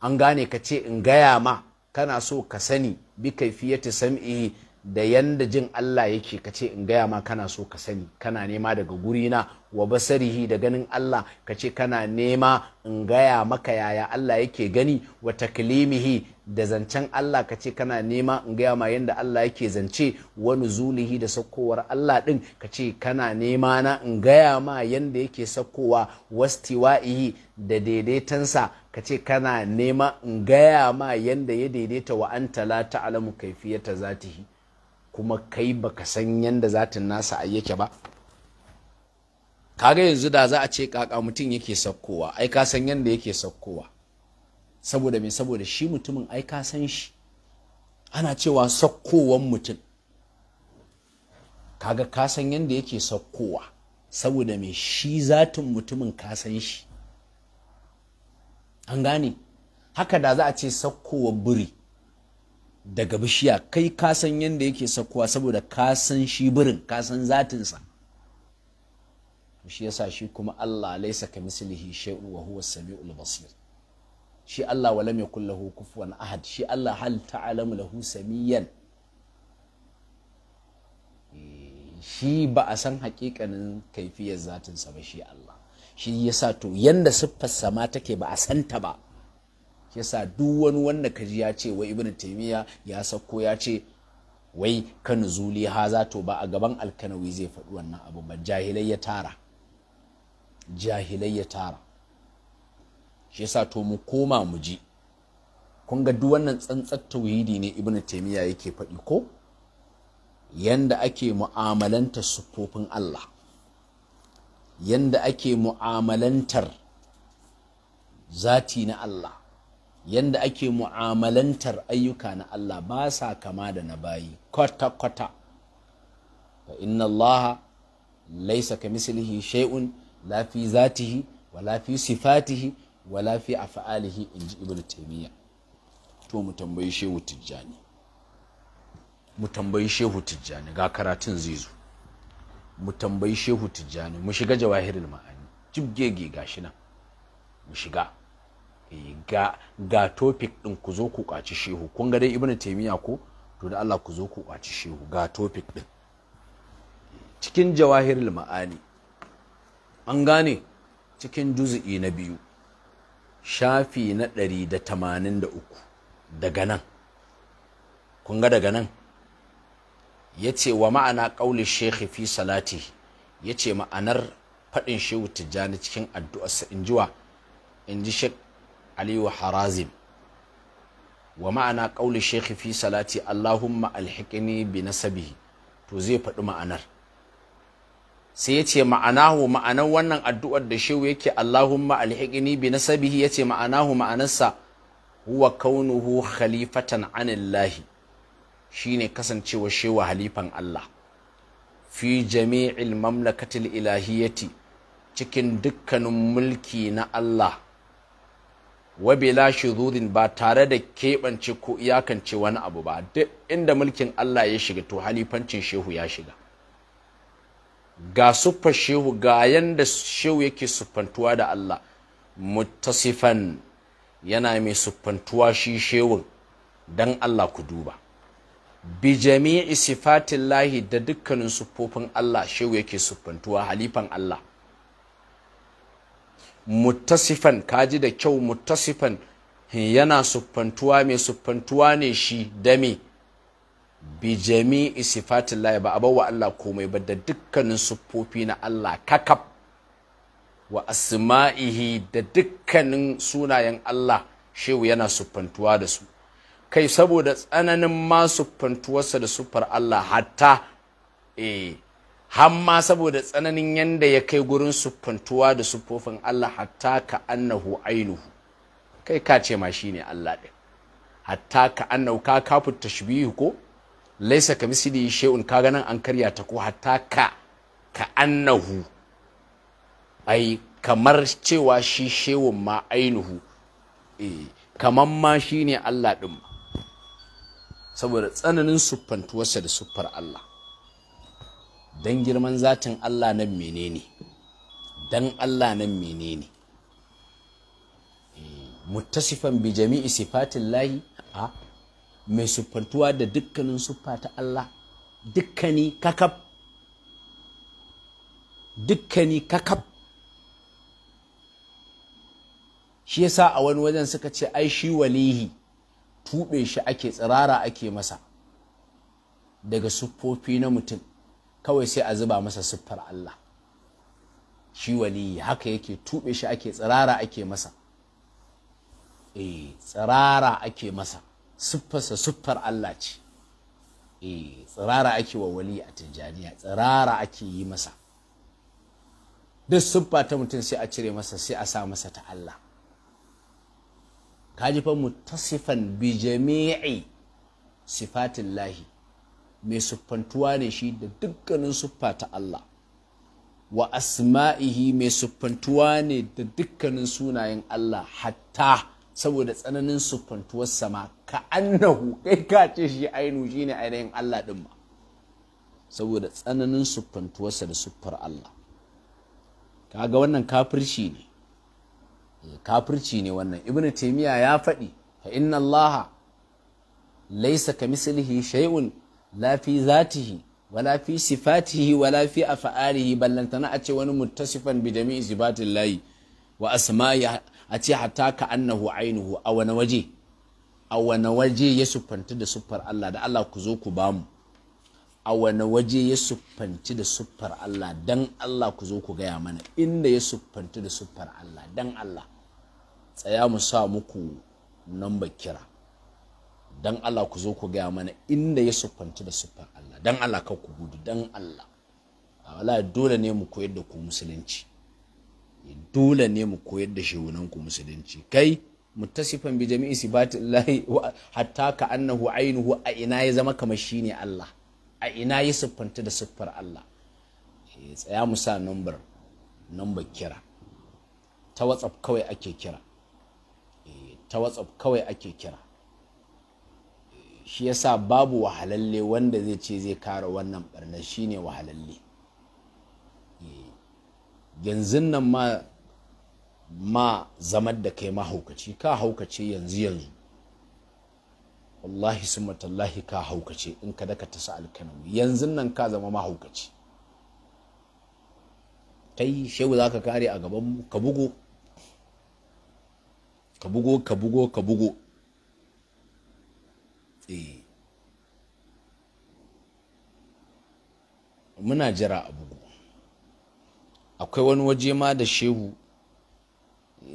an gane ka ce in gaya ma kana so ka sani bi kaifiyati sam'i da yanda jin Allah yake ka ce in gaya ma kana so ka sani kana nema daga gurina wa basarihi da ganin Allah ka ce kana nema in gaya maka yaya Allah yake gani wa taklimihi da zancen Allah ka ce kana nema in gaya ma yanda Allah yake zance wani nuzulihi da sakkowar Allah din ka ce kana nema na in gaya ma yanda yake sakkowa wastiwa'ihi da daidaitansa ka ce kana nema in gaya ma yanda ya daidaita wa anta la ta'lamu kaifiyata zatihi kuma kai baka san yanda zatin nasa a yake ba kaga yanzu da za a ce kaka mutum yake sakkowa ai ka san yanda yake sakkowa saboda me saboda shi mutumin ai ka san shi ana cewa sakkowan mutum kaga ka san yanda yake sakkowa saboda me shi zatin mutumin ka san shi an gane haka da za a ce sakkowa biri daga bishiya kai ka san yadda yake sakuwa saboda ka san shi birin ka san zatinsa shi yasa shi kuma Allah laisa ka mislihi shay'un wa huwa samiul basir shi Allah walam yakul lahu kufuwan ahad shi Allah hal ta'lamu lahu samiyan eh, shi ba a san hakikanin kaifiyar zatinsa ba shi Allah shi yasa to yanda siffar sama take ba a santa ba yasa duk wani wanda ka ji ya ce wai ibn taimiya ya sauko ya ce wai ka nuzuli haza to ba a gaban alkanawi zai faɗi wannan abu ba jahilai ya tara jahilai ya tara shi yasa to mu koma mu ji kun ga duk wannan tsantsar tauhidi ne ibn taimiya yake faɗi ko yanda ake mu'amalantar sufofin Allah yanda ake mu'amalantar zati na Allah yanda ake mu'amalantar ayyuka na Allah ba sa kama da na bayi kwata-kwata fa inna Allah laisa ka mislihi shay'un la fi zatihi wa la fi sifatihi wa la fi af'alihi inji ibnu taymiya to mu tambayi shehu tijjani mu tambayi shehu tijjani ga karatun zai zo mu tambayi shehu tijjani mu shiga jawahirul ma'ani jibgege gashi nan mu shiga ga ga topic din ku zo ku kwaci shehu kun ga dai ibnu taymiya ko to da Allah ku zo ku kwaci shehu ga topic din cikin jawahirul ma'ani an gane cikin juz'i na biyu shafi na 183 daga nan kun ga daga nan ya ce wa ma'ana ƙaunin shekhi fi salati ya ce ma'anar faɗin shehu tijjani cikin addu'arsa in jiwa in ji shek aliyu harazim wa ma'ana ƙauli shekhi fi salati allahumma alhikini bi nasabihi to zai faɗi ma'anar sai ya ce ma'anahu ma'anar wannan addu'ar da shehu yake allahumma alhikini bi nasabihi ya ce ma'anahu ma'anarsa huwa kaunuhu khalifatan anillahi shine kasancewa shewa halifan allah fi jami'il mamlakatil ilahiyyati cikin dukkanin mulki na allah wabila bila ba tare da keɓance ko iyakance wani abu ba duk inda mulkin Allah ya shiga to halifancin shehu ya shiga ga suffa shehu ga yanda shehu yake siffantuwa da Allah muttasifan yana mai siffantuwa shi shehun dan Allah ku duba bi jami'i sifatillahi da dukkanin siffofin Allah shehu yake siffantuwa halifan Allah mutasifan kaji da kyau mutasifan yana suffantuwa mai suffantuwa ne shi da bi jami'i isifatin laye ba a wa Allah komai ba da dukkanin suffofi na Allah kakab wa asma'ihi da dukkanin sunayen Allah shehu yana suffantuwa da su kai saboda tsananin ma suffantuwarsa da sufar Allah hatta eh hamma saboda tsananin yadda ya kai gurin sufantuwa da sufofin Allah hatta ka annahu ainihu kai ka ce ma shine Allah ɗin hatta ka annahu ka kafu tashbihu ko laisa ka misili shay'un ka ganin an karya ta ko hatta ka ka annahu ai kamar cewa shi shewun ma ainihu eh, kamar ma shine Allah ɗin saboda tsananin siffantuwarsa da sufar Allah don girman zatin Allah nan menene don Allah nan menene eh, muttasifan bi jami'i sifatin layi a mai siffantuwa da dukkanin siffa ta Allah dukkani kakab dukkani kakab shi yasa a wani wajen suka ce ai shi walihi tuɓe shi ake tsirara ake masa daga siffofi na mutum kawai sai a zuba masa siffar Allah shi waliyi haka yake tuɓe shi ake tsirara ake masa eh tsirara ake masa siffarsa siffar Allah ce e tsirara ake wa wali a tijjaniya tsirara ake yi masa duk siffa ta mutum sai a cire masa sai a sa masa ta Allah kaji fa mutasifan bi jami'i lahi. mai siffantuwa ne shi da dukkanin siffa ta Allah wa asma'ihi mai siffantuwa ne da dukkanin sunayen Allah hatta saboda tsananin siffantuwar sama ka annahu kai ka ce shi ainu shi ne ainihin Allah ɗin ma saboda tsananin siffantuwarsa da siffar Allah kaga wannan kafirci ne eh, kafirci ne wannan ibnu taymiya ya faɗi fa inna allaha laysa kamithlihi shay'un la fi zatihi wala fi sifatihi wala fi af'alihi ballantana a ce wani muttasifan bi jami'i sifatin layi wa asma'i a ce hatta ka annahu ainihu a wani waje a wani waje ya siffanta da sufar Allah da Allah ku zo ku bamu a wani waje ya siffanci da siffar Allah dan Allah ku zo ku gaya mana inda ya siffanci da sufar Allah dan Allah tsaya mu sa muku nan kira dan Allah ku zo ku gaya mana inda ya siffanci da siffan Allah dan Allah ka ku gudu dan Allah wala dole ne mu koyar da ku musulunci dole ne mu koyar da shehunan ku musulunci kai muttasifan bi jami'i sifatillahi hatta ka annahu ainuhu a ina ya zama kamar shine Allah a ina ya siffanta da siffar Allah eh, tsaya mu sa number number kira ta WhatsApp kawai ake kira eh, ta WhatsApp kawai ake kira shi yasa babu wahalalle wanda zai ce zai kara wannan barnar shine wahalalle eh, yanzu nan ma ma zamar da kai mahaukaci ka haukace yanzu yanzu wallahi sumatallahi ka haukace in ka daka ta sa alkanamu yanzu nan ka zama mahaukaci kai shehu za ka kare a gaban ka bugo ka bugo ka bugo ka bugo e muna jira a bugu akwai wani waje ma da shehu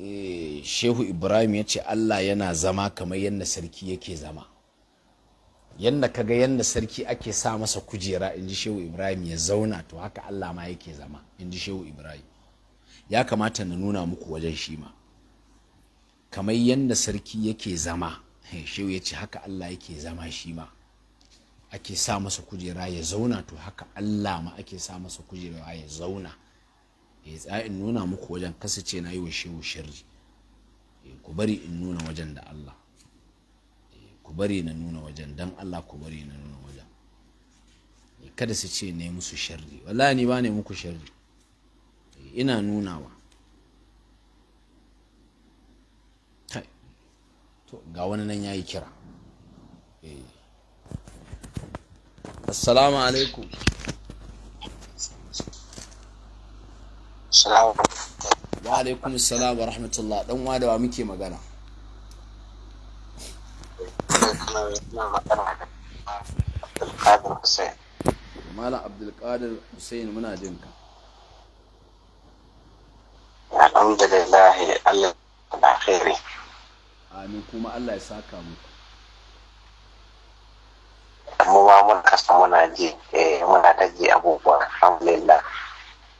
eh, shehu ibrahim ya ce allah yana zama kamar yadda sarki yake zama yadda kaga yadda sarki ake sa masa kujera in ji shehu ibrahim ya zauna to haka allah ma yake zama in ji shehu ibrahim ya kamata na nuna muku wajen shi ma kamar yadda sarki yake zama shehu ya ce haka Allah yake zama shi ma ake sa masa kujera ya zauna to haka Allah ma ake sa masa kujera ya zauna ya tsaya in nuna muku wajen kasance na yi wa shehu shirri eh, ku bari in nuna wajen da Allah eh, ku bari na nuna wajen dan Allah ku bari na nuna wajen eh, kada su ce ne musu shirri, wallahi ni ba ne muku shirri. ina nunawa ga wani nan yi kira eh. assalamu alaikum wa alaikum assalam wa rahmatullah dan wa da muke magana Malam Abdulkadir Hussein muna jin ka. Alhamdulillah Allah da khairi. amin kuma Allah ya saka muku mu ma mun kasa muna ji eh muna ta ji abubuwa alhamdulillah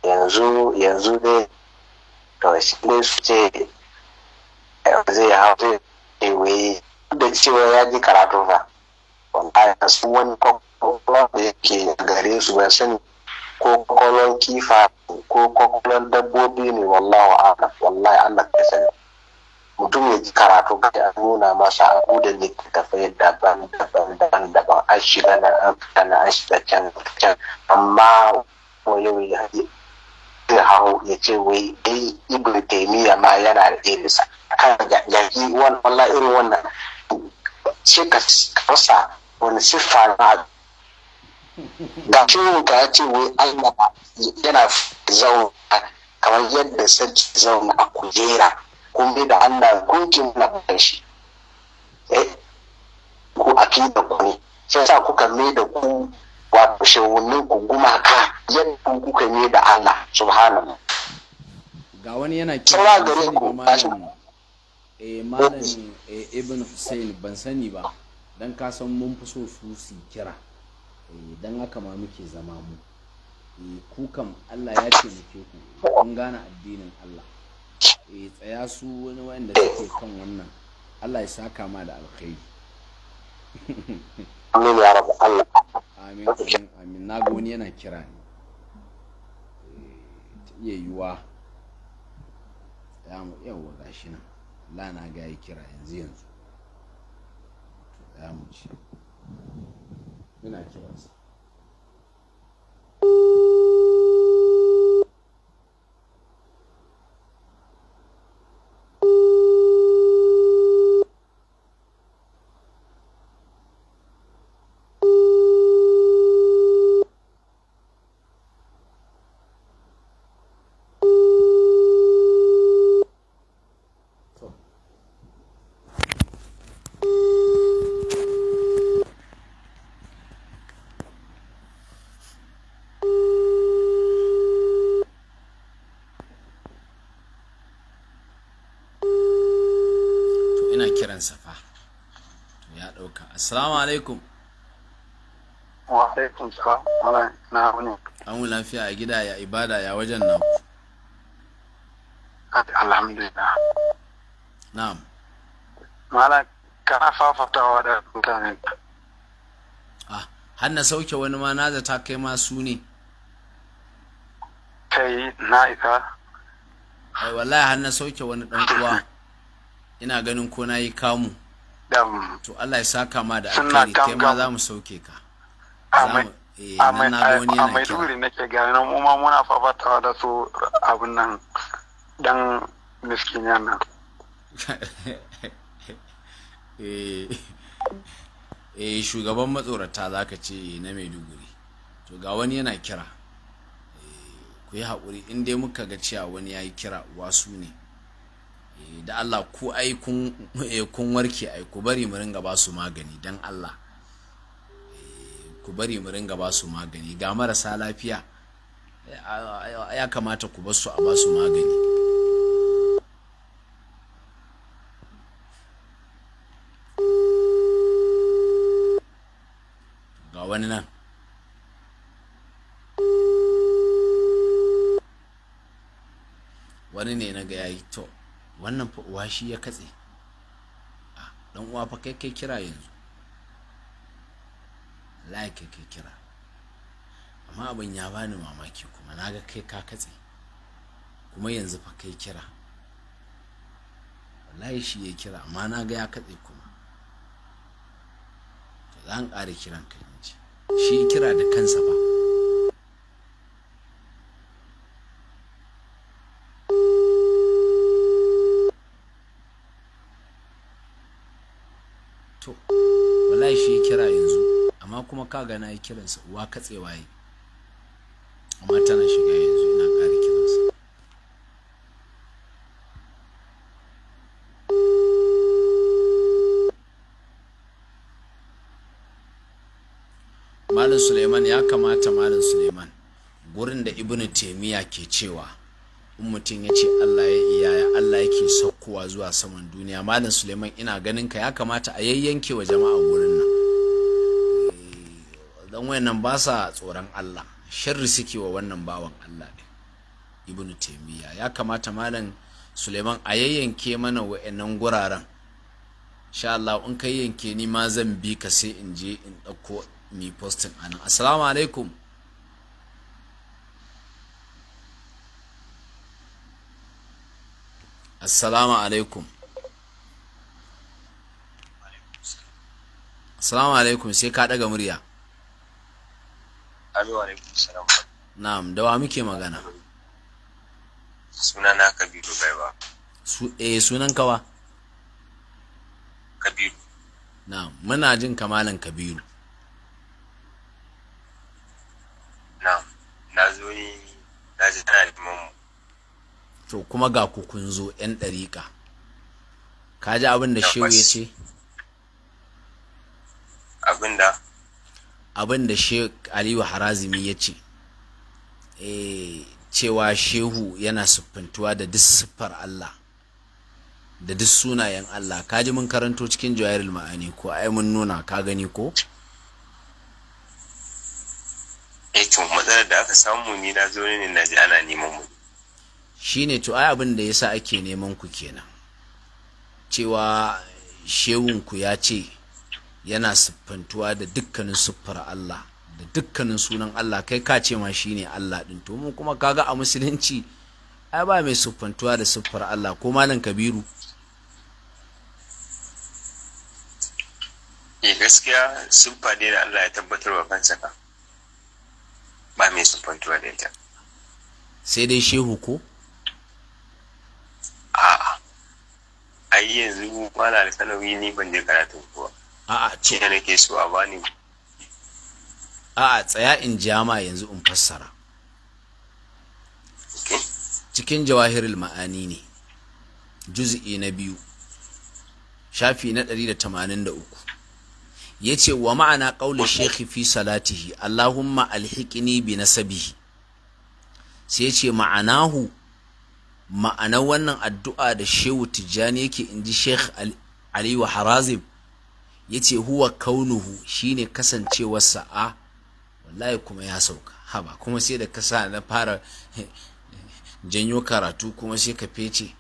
yanzu yanzu ne to shi ne su ce eh, zai hau zai wai da cewa ya ji karatu ba wanda su wani kwakwakwakwa da yake gare su ba sani ko kwakwakwakwa kifa ko kwakwakwakwa dabbobi ne wallahu a'lam wallahi Allah ya sani mutum ya ji karatu kai a nuna masa a ke littattafai daban daban daban daban an shiga na an fita na an shiga can can amma wani yau ya zai hau ya ce wai dai ibn taimiyya ma yana da irinsa kan gaji wannan irin wannan sai ka rasa wani siffa na ga ciwon ka ya ce wai allah yana zauna kamar yadda sarki zauna a kujera kun bi da Allah gunkin na kan shi eh, ku akida ku ne sai sa kuka mai da ku wato shawunin ku gumaka yadda kuka ne da Allah subhanahu ga wani yana kira yana ku eh malam eh ibn Hussein ban sani ba dan ka san mun fi so su su kira eh dan haka ma muke zama mu eh, kukan Allah ya ce muke ku kun gane addinin Allah E tsaya su wani wanda suke kan wannan Allah ya saka ma da alkhairi amin ya rabu Allah amin amin amin na ga wani yana kira ne eh, ta iya yiwa tsaya mu yawa gashi nan Allah na ga ya kira yanzu yanzu tsaya mu ci yana su. Assalamu alaikum. Wa alaikum salam. Na wuni. An wuni lafiya a gida ya ibada ya wajen nan. Alhamdulillah. Na'am. Mala kana fafatawa da mutane. Ah, har na sauke wani ma na zata kai ma su ne. Kai na isa. Ai wallahi har na sauke wani dan uwa. Ina ganin ko na yi kamu. to Allah ya saka ma da alkhairi kai ma za mu sauke ka eh, a mai duri nake gani mu ma muna fafatawa da su abin nan dan miskin yana eh, eh shugaban matsorata za ka ce eh, na maiduguri to ga wani yana kira ku yi haƙuri in dai muka ga cewa wani ya yi kira wasu ne Eh, da Allah ku ai eh, kun warke ai ku bari mu ringa ba su magani dan Allah eh, ku bari mu ringa ba su magani ga marasa lafiya ya kamata ku basu a ba su magani ga wani nan wani ne na ga yi to wannan washi shi ya katse dan uwa fa kai kai kira yanzu wallahi kai kai kira amma abin ya bani mamaki kuma naga kai ka katse kuma yanzu fa kai kira wallahi shi ya kira amma naga ya katse kuma to zan ƙara kiran kai shi kira da kansa ba kuma ka gana yi kiransa uwa katsewa yi amma tana shiga yanzu ina ƙara kiransa Malam Suleiman ya kamata Malam Suleiman gurin da Ibn temiya ke cewa in mutum ya ce Allah ya iyaya Allah yake saukowa zuwa saman duniya Malam Suleiman ina ganin ka ya kamata a yayyanke wa jama'a gurin dan wayannan ba sa tsoron Allah sharri suke wa wannan bawan Allah din ibnu taymiya ya kamata malam suleiman a yayyanke mana wayannan guraren insha Allah in kai yanke ni ma zan bi ka sai in je in dauko mi posting anan assalamu alaikum assalamu alaikum assalamu alaikum sai ka daga murya Alo alaikum salam. Na'am, da wa muke magana? Sunana Kabiru Baiwa. Su eh sunan kawa? Kabiru. Na'am, muna jin kamalan Kabiru. Na'am, na zo ni na ji tana neman To kuma ga ku kun zo 'yan dariƙa Ka ji abin da shehu ya ce? Abin da? abin da sheikh aliyu harazimi ya ce eh, cewa shehu yana siffantuwa da duk siffar allah da duk sunayen allah kaji mun karanto cikin jawahirul ma'ani ko ai mun nuna ka gani ko eh, to matsalar da aka samu ni na zo ne na ji ana neman mu shine to ai abin da yasa ake neman ku kenan cewa shehun ku ya ce yana siffantuwa da dukkanin siffar Allah da dukkanin sunan Allah kai ka ce ma shine Allah din to mu kuma kaga a musulunci ai ba mai siffantuwa da siffar Allah ko malam Kabiru eh gaskiya siffa ne da Allah ya tabbatar wa kansa ka ba mai siffantuwa da ita sai dai shehu ko a'a ai yanzu malam alkalawi ni ban je karatun kuwa a'a ce ne nake so a bani a'a tsaya in jama yanzu in fassara cikin jawahirul ma'ani ne juz'i na biyu shafi na ɗari da 183 yace wa ma'ana ƙaula shekhi fi salatihi allahumma alhiqni bi nasabihi sai yace ma'anahu ma'ana wannan addu'a da shehu tijjani yake inji shekh aliyu harazib yace huwa kaunuhu shine kasancewarsa a wallahi kuma ya sauka haba kuma sai da kasa na fara janyo karatu kuma sai ka fece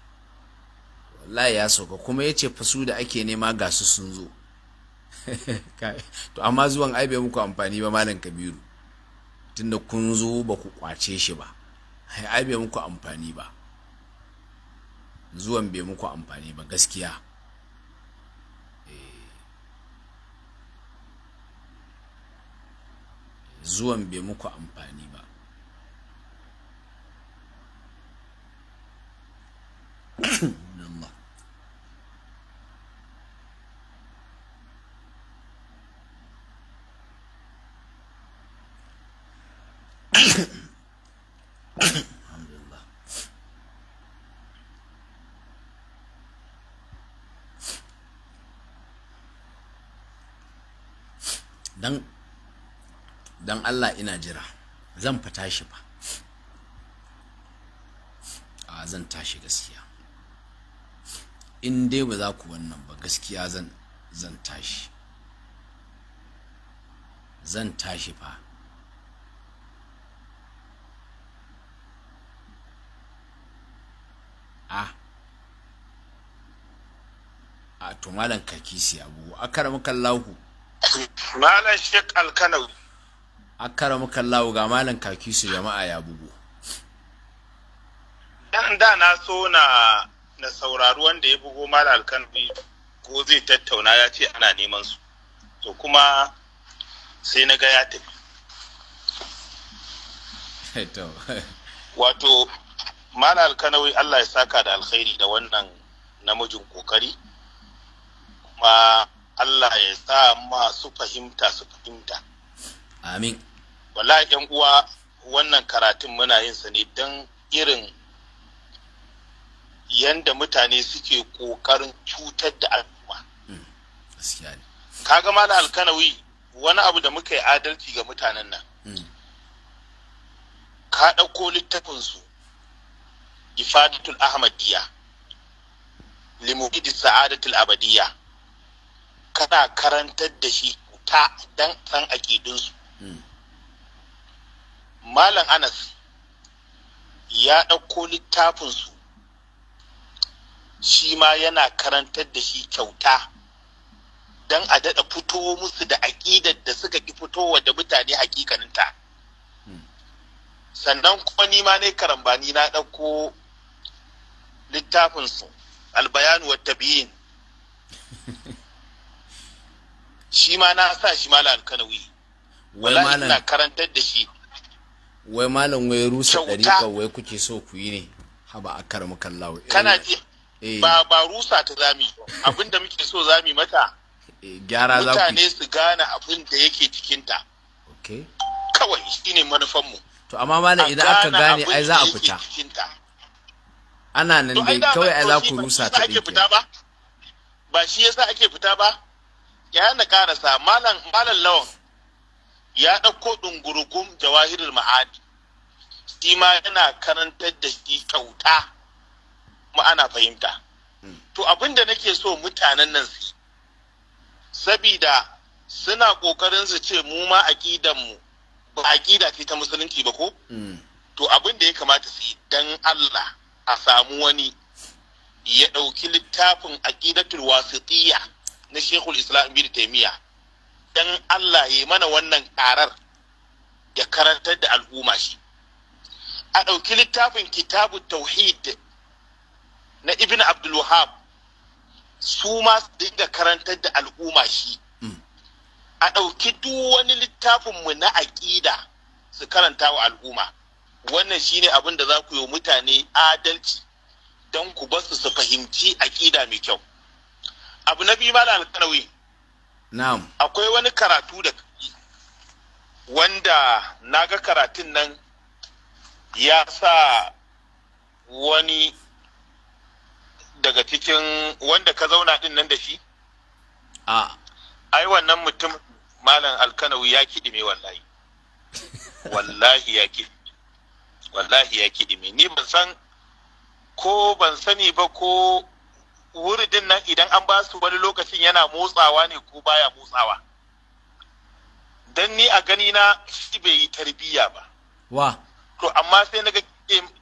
wallahi ya sauka kuma yace fasu da ake nema ga su sun zo to amma zuwan ai bai muku amfani ba malam kabiru tunda kun zo ba ku kwace shi ba ai bai muku amfani ba zuwan bai muku amfani ba gaskiya zuwan bai muku amfani ba Allah don Allah ina jira zan fita shi fa a zan tashi gaskiya in dai ba za ku wannan ba gaskiya zan zan tashi zan tashi fa a a to malam kakisi abu akaramu kallahu malam shek alkanawi akara muka lawo ga malam kaki su jama'a ya bugu dan da na so na na saurari wanda ya bugu mara alkanbi ko zai tattauna ya ce ana neman su to kuma sai na ga ya tafi wato malam alkanawi Allah ya saka da alkhairi da wannan namijin kokari kuma Allah ya sa masu fahimta su fahimta amin wallahi yan uwa wannan karatun muna yin sa ne don irin yanda mutane suke ƙoƙarin cutar da al'umma hmm. kaga da alkanawi wani abu da muka yi adalci ga mutanen nan hmm. ka ɗauko littafinsu ifadatul ahmadiyya limuridi sa'adatul abadiyya kana karantar da shi ta dan san aƙidinsu malam anas ya ɗauko littafinsu shi ma yana karantar da shi kyauta don a daɗa fito musu da aƙidar da suka ƙi fitowa da mutane hakikaninta hmm. sannan kuma ni ma ne karambani na ɗauko littafinsu albayanu wata biyin shi ma na sa shi malam alkanawi wala ina karantar da shi wai malam wai rusa ɗariƙa wai kuke so ku yi ne haba a kar kallawo eh, kana ji eh. ba ba rusa ta zami abin da muke so zami mata eh, gyara za mutane su gane abin da yake cikinta okay kawai shine manufan mu to amma malam idan aka gane ai za a fita ana nan dai kawai ai za ku rusa ta ɗin ba shi yasa ake fita ba ya na karasa malam malam lawan ya ɗauko ɗungurukun jawahirul ma'adi shi ma yana karantar da shi kyauta kuma ana fahimta hmm. to abin da nake so mutanen nan su sabida suna ƙoƙarin su ce mu ma aƙidanmu ba aƙida ce ta musulunci ba ko hmm. to abin da ya kamata su yi dan Allah a samu wani ya ɗauki littafin aƙidatul wasiqiyya na Sheikhul Islam Ibn Taymiyyah dan Allah ya mana wannan karar ya karantar da al'umma shi a ɗauki littafin kitabu tauhid na ibn abdul wahab su ma su dinga karantar da al'umma shi hmm. a ɗauki duk wani littafin mu na aƙida su karanta wa al'umma wannan shine abin da za ku yi mutane adalci don ku basu su fahimci aƙida mai kyau abu na biyu malam alkanawi Na'am. Akwai wani karatu da wanda naga karatun nan ya sa wani daga cikin wanda ka zauna din nan da shi? A. Ai wannan mutum malam alkanawi ya kiɗi mai wallahi. Wallahi ya kiɗi. Wallahi ya kiɗi mai. Ni ban san ko ban sani ba ko wuridin nan idan an ba su wani lokacin yana motsawa ne ko baya motsawa Don ni a gani na shi bai yi tarbiyya ba wa to amma sai na ga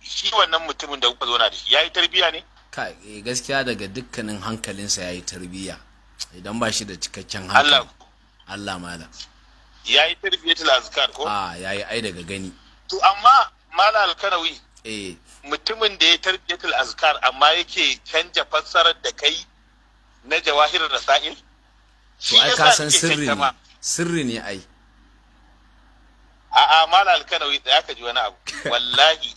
shi wannan mutumin da kuka zauna da shi yayi tarbiyya ne kai eh, gaskiya daga dukkanin hankalinsa yayi tarbiyya idan ba shi da cikakken hankali Allah Allah malam yayi ta azkar ko ah, a yayi ai daga gani to amma malam alkarawi eh mutumin da ya tarbiyatul azkar amma yake canja fassarar da kai na jawahir sa'il to ai ka san sirri ne sirri ne ai a a mala alkanawi da aka ji wani abu wallahi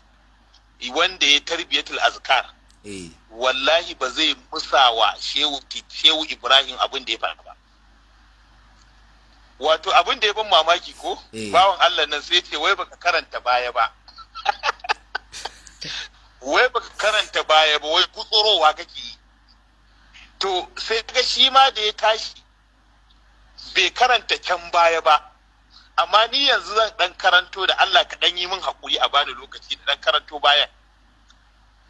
wanda ya tarbiyatul azkar eh. wallahi ba zai musawa shehu ibrahim abin da ya faru ba wato abin da ya ban mamaki ko eh. bawan allah nan sai ce wai baka karanta baya ba wai baka karanta baya ba wai kutsurowa kake yi to sai ga shi ma da ya tashi bai karanta can baya ba amma ni yanzu zan dan karanto da Allah ka dan yi min hakuri a bani lokaci da dan karanto bayan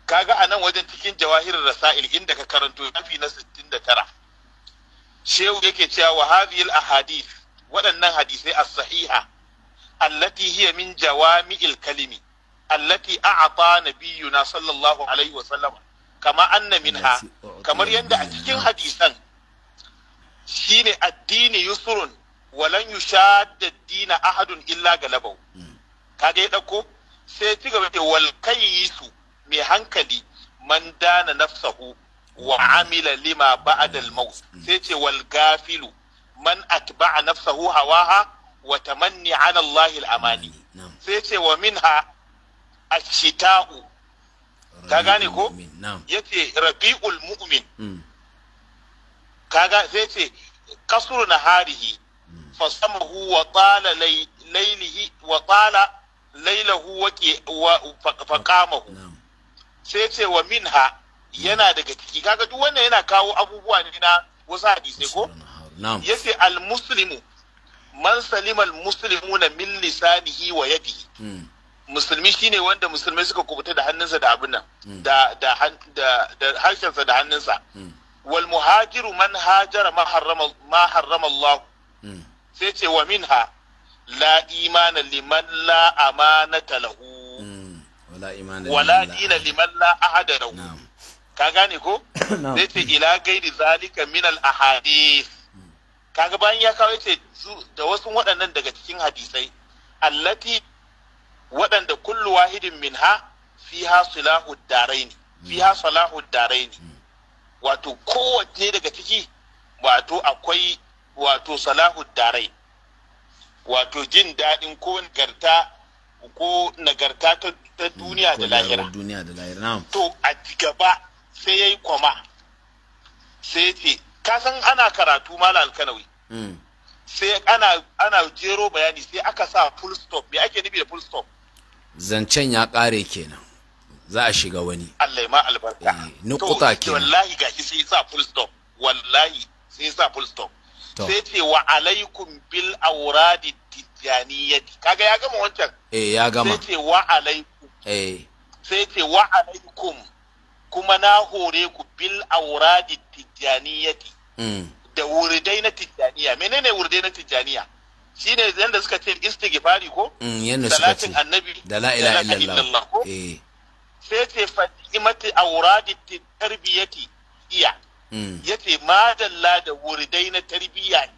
kaga a nan wajen cikin jawahirin rasail inda ka karanto shafi na 69 shehu yake cewa wa hadhil ahadith waɗannan hadisai as-sahiha allati hiya min jawami'il kalimi allati a'ata nabiyuna sallallahu alaihi wa sallam kama anna minha kamar yadda a cikin hadisan shine addini yusrun walan yushadda dina ahadun illa galabau hmm. kaga ya dauko sai ci gaba da wal mai hankali man dana nafsahu wa amila lima ba'da al-maut hmm. sai ce wal gafilu man atba'a nafsahu hawaha wa tamanni ala Allah al-amani sai ce wa minha A ashita'u ka gane ko yace rabi'ul mu'min kaga sai ce kasru naharihi fasamahu wa tala lailihi wa tala lailahu wa faqamahu sai ce wa minha yana daga ciki kaga duk wannan yana kawo abubuwa ne na wasu hadisai ko yace al muslimu man salima al muslimuna min lisanihi wa yadihi musulmi shine wanda musulmi suka kubuta da hannunsa da abin nan hmm. da harshensa da hannunsa hmm. wal muhajiru man hajara ma harrama Allah hmm. sai ce wa minha la imana liman la amanata lahu wala dina liman la ahada lahu ka gane ko sai ce ila gairi zalika min al ahadith kaga bayan ya kawo ce da wasu waɗannan daga cikin hadisai allati waɗanda kullu wahidin fi ha sulahu daraini ha salahu daraini wato kowace daga ciki wato akwai wato salahu darai wato jin daɗin ko nagarta ko nagarta ta duniya da lahira to a gaba sai ya yi kwama sai ya ce san ana karatu mala alkanawi mm. sai ana jero bayani sai aka sa full stop me ake nufi da full stop zancen ya ƙare kenan za a shiga wani Allah ya ma albarka eh, nukuta ke wallahi gashi sai sa full stop wallahi sai sa full stop sai ce wa alaikum bil awradi tijaniyyati kaga ya gama wancan eh ya gama sai ce wa alaikum eh sai ce wa alaikum kuma na hore ku bil awradi tijaniyyati mm. da wurdai na tijaniya menene wurdai na tijaniya shine yanda suka ce istighfari ko mm, yanda suka ce annabi da la ilaha illallah ko eh. sai ce fatimati awradi tarbiyati iya mm. yace dalla da wurdai na tarbiyya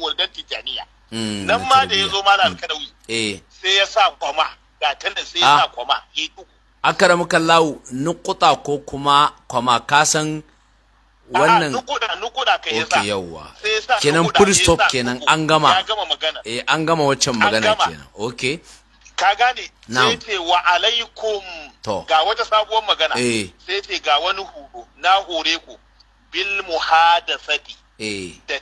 wurdan tijaniya mm, nan ma da ya zo mala alkadawi eh. sai ya sa kwama ga tanda sai ya ah. sa kwama ya yi uku akaramu kallahu nukuta ko kuma kwama kasan wannan ok yauwa kenan full stop kenan an gama eh an gama waccan magana kenan ok ka gane sai ce wa alaikum ga wata sabuwar magana eh. sai ce ga wani horo na hore ku bil muhadasati eh. da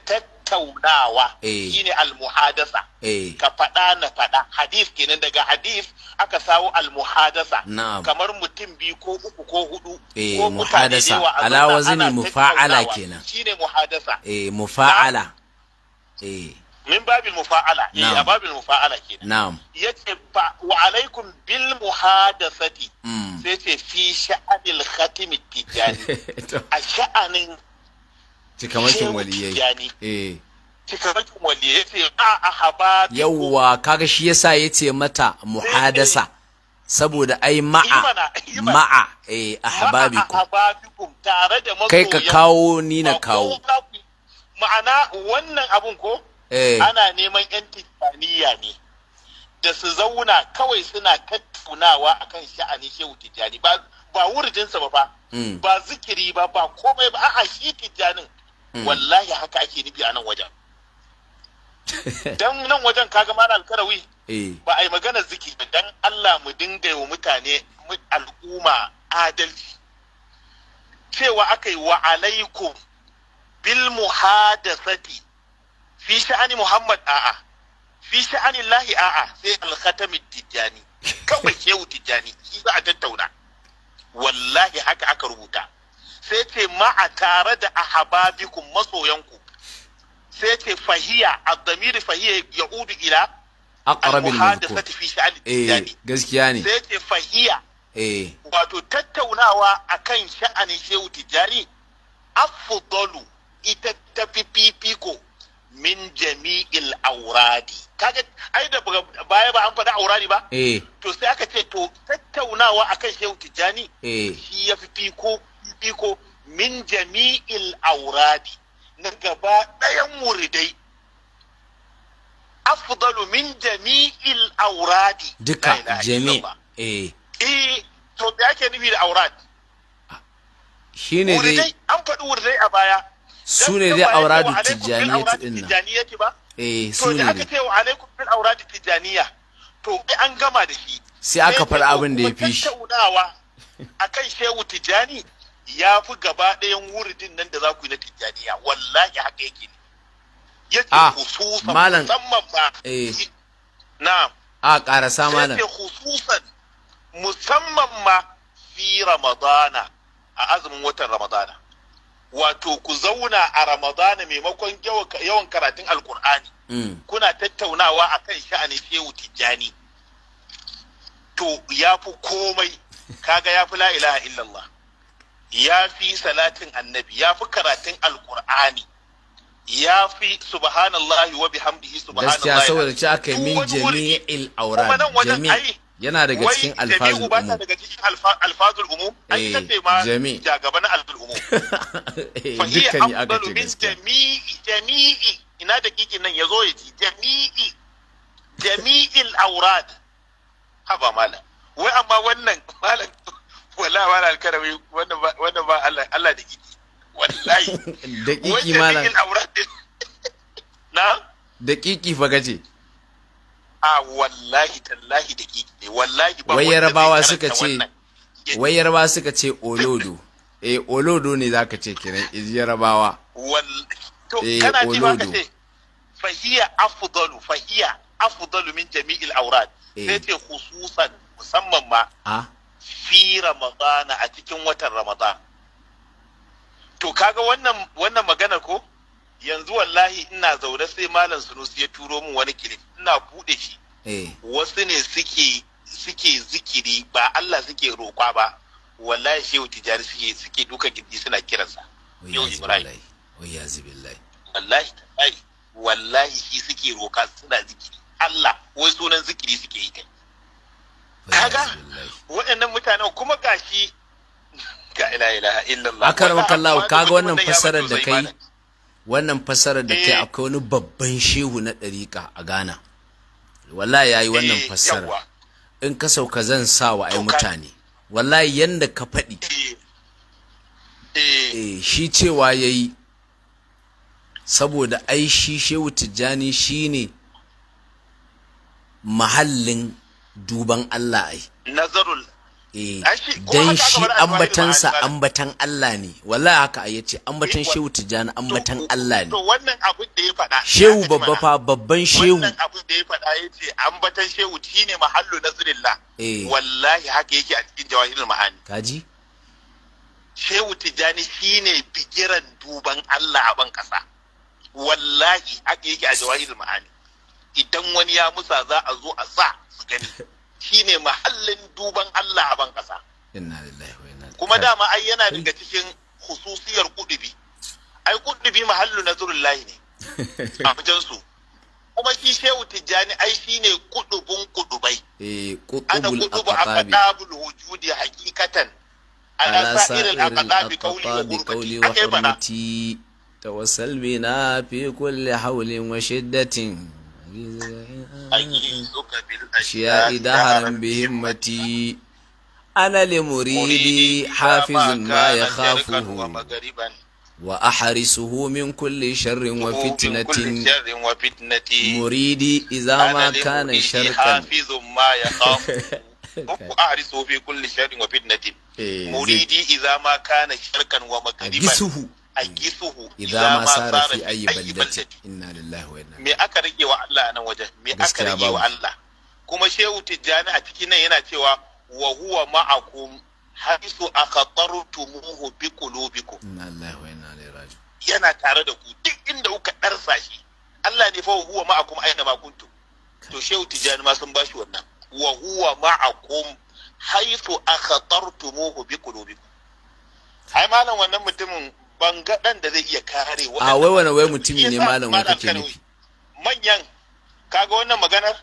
tattaunawa eh. shine almuhadasa eh. ka faɗa na faɗa hadis kenan daga hadis aka sawo almuhadasa kamar mutum biyu ko uku ko hudu eh, ko mutane da yawa ala wazini mufa'ala kenan shine muhadasa eh mufa'ala eh min babil mufa'ala eh a babil mufa'ala kenan na'am yace fa wa alaikum bil muhadasati mm. sai ce fi sha'anil khatimi tijani a sha'anin cikamakin waliyai eh cikamakin waliyai yace a ahaba yawwa kaga shi yasa yace mata muhadasa saboda ai ma'a ma'a eh ahbabikum kai ka kawo ni na kawo ma'ana wannan abun ko eh. ana neman yan tijjaniya ne da su zauna kawai suna tattaunawa akan sha'ani shehu tijjani ba ba wuridinsa ba ba hmm. ba zikiri ba ba komai ba a'a shi tijanin Hmm. wallahi haka ake nufi a nan wajen dan nan wajen kaga mana alkarawi eh. ba a yi maganar ziki ba dan Allah mu dinga wa mutane al'umma adalci cewa aka yi wa alaikum bil muhadathati fi sha'ani Muhammad a'a fi sha'ani Lahi a'a sai al-khatam tijani kawai shehu tijjani. shi za a tattauna wallahi haka aka rubuta sai ce ma a tare da ahababikum masoyanku sai ce fahiya zamiri fahiya ya udu ila a mazkur eh gaskiya ne sai ce fahiya eh. wato tattaunawa akan sha'anin shehu afu dolu ita ta fi fifiko min jami'il auradi kaga ai da baya ba an faɗi auradi ba eh. to sai aka ce to tattaunawa akan shehu tijjani eh. shi ya fi fiko iko min jami'il auradi na gaba ɗayan muridai afdalu min jami'il auradi duka jami eh eh to da yake nufi da aurad shine dai an faɗi wuridai a baya su ne dai auradi tijjaniya din nan eh su ne aka ce wa alaikum bil auradi tijaniya. to an gama da shi sai aka faɗi abin da ya fi shi a kan shehu tijani. ya fi gaba ɗayan wuridin nan da za ku yi na tijjaniya wallahi haka yake ne yake ah, hususan musamman a eh. ah, ƙarasa malam hususan musamman ma fi ramadana a azumin watan ramadana wato ku zauna a ramadana maimakon yawan karatun alkur'ani mm. kuna tattaunawa a kan sha'ani shehu tijjani to ya fi komai kaga ya fi la ilaha illallah ya fi salatin annabi ya fi karatun alkur'ani ya fi subhanallahi wa bihamdihi subhanallahi gaskiya saboda ci aka min jami'il auran jami' yana daga cikin alfazul umum wai daga cikin alfazul aka jami'i jami'i wallahi ba na alkarami wannan ba Allah da kiki wallahi da kiki ma na na da kiki fa gaje a wallahi tallahi da kiki ne wallahi ba wanda yarabawa suka ce wai yarabawa suka ce olodo eh olodo ne zaka ce kiran iz yarabawa to eh, kana ji ba ka ce fahiya afdalu fahiya afdalu min jami'il awrad eh. sai ce khususan musamman ma ah. fi ramadana a cikin watan ramadan to kaga wannan wannan magana ko yanzu wallahi ina zaune sai malam sunusi ya turo min wani kilif ina bude shi eh. wasu ne suke suke zikiri ba Allah suke roƙa ba wallahi shehu tijari suke suke duka gidi suna kiransa yau ibrahim wallahi wallahi shi suke roƙa suna zikiri Allah wai sunan zikiri suke yi kai kaga waɗannan mutanen kuma gashi ga ila ilaha illallah akar makallawa kaga wannan fassarar da kai wannan fassarar da kai akwai wani babban shehu na ɗariƙa a Ghana wallahi yayi wannan eh, fassara in ka sauka zan sa wa ai mutane wallahi yanda ka faɗi eh, eh. eh shi cewa yayi saboda ai shi shehu tijjani shine mahallin duban Allah ai nazarul eh dan shi ambatansa ambatan Allah ne Wala haka ai ce ambatan shehu tijani ambatan Allah ne wannan abin da ya faɗa shehu babba fa babban shehu wannan abin da ya faɗa ce ambatan shehu shine mahallu Eh. wallahi haka yake a cikin jawahirul ma'ani kaji shehu tijani shine bigiran duban Allah a ban kasa wallahi haka yake a jawahirul ma'ani idan wani ya musa za a zo a sa su gani shine mahallin duban Allah a ban kasa kuma dama ai yana daga cikin khususiyar kudubi ai kudubi mahallu nazurullahi ne a wajen su kuma shi shehu tijjani ai shine kudubun kudubai eh, ana kudubu a kadabul wujudi hakikatan ala sa'iril aqdabi qawli wa hurmati tawassalmina fi kulli hawlin wa shiddatin shi'a'ida haram bi mati. ana le muridi hafizin ma ya khafuhu wa a harisuhu min kulle sharrin wa fitnatin muridi iza kana sharkan ajisuhu idza ma sara fi ayi baldati inna lillahi wa inna me aka rage wa Allah nan waje me aka rage wa Allah kuma shehu tijjani a cikin nan yana cewa wa huwa ma'akum haisu akhtartumuhu bi qulubikum inna lillahi wa inna ilaihi raji'un yana tare da ku duk inda kuka darsa shi Allah ne fa huwa ma'akum aina ma kuntum to shehu tijjani ma sun bashi wannan wa huwa ma'akum haisu akhtartumuhu bi qulubikum ai malam wannan mutumin bangaɗan da zai iya kare wa a wai wani wai mutumi ne malam kake nufi manyan kaga wannan maganar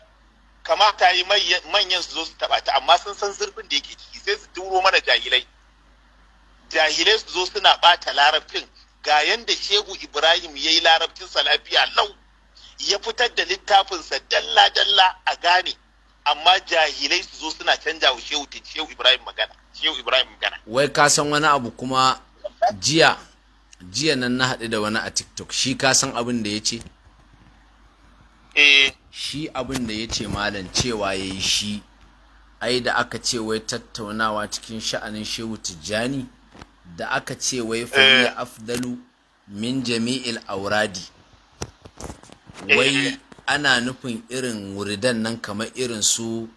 kamata yi manyan su zo su taba ta amma sun san zurfin da yake ciki sai su turo mana jahilai jahilai su zo suna bata larabcin ga yanda shehu ibrahim ya yi larabcinsa lafiya lau ya fitar da littafinsa dalla-dalla a gane amma jahilai su zo suna canja wa shehu ibrahim magana shehu ibrahim magana wai ka san wani abu kuma jiya jiya nan na haɗu da wani a tiktok shi ka san abin da ya ce eh. shi abin da ya ce malam cewa ya yi shi ai da aka ce wai tattaunawa cikin sha'anin shehu tijjani da aka ce wai fariya eh. afdalu min jami'il auradi wai eh. ana nufin irin wuridan nan kamar irin su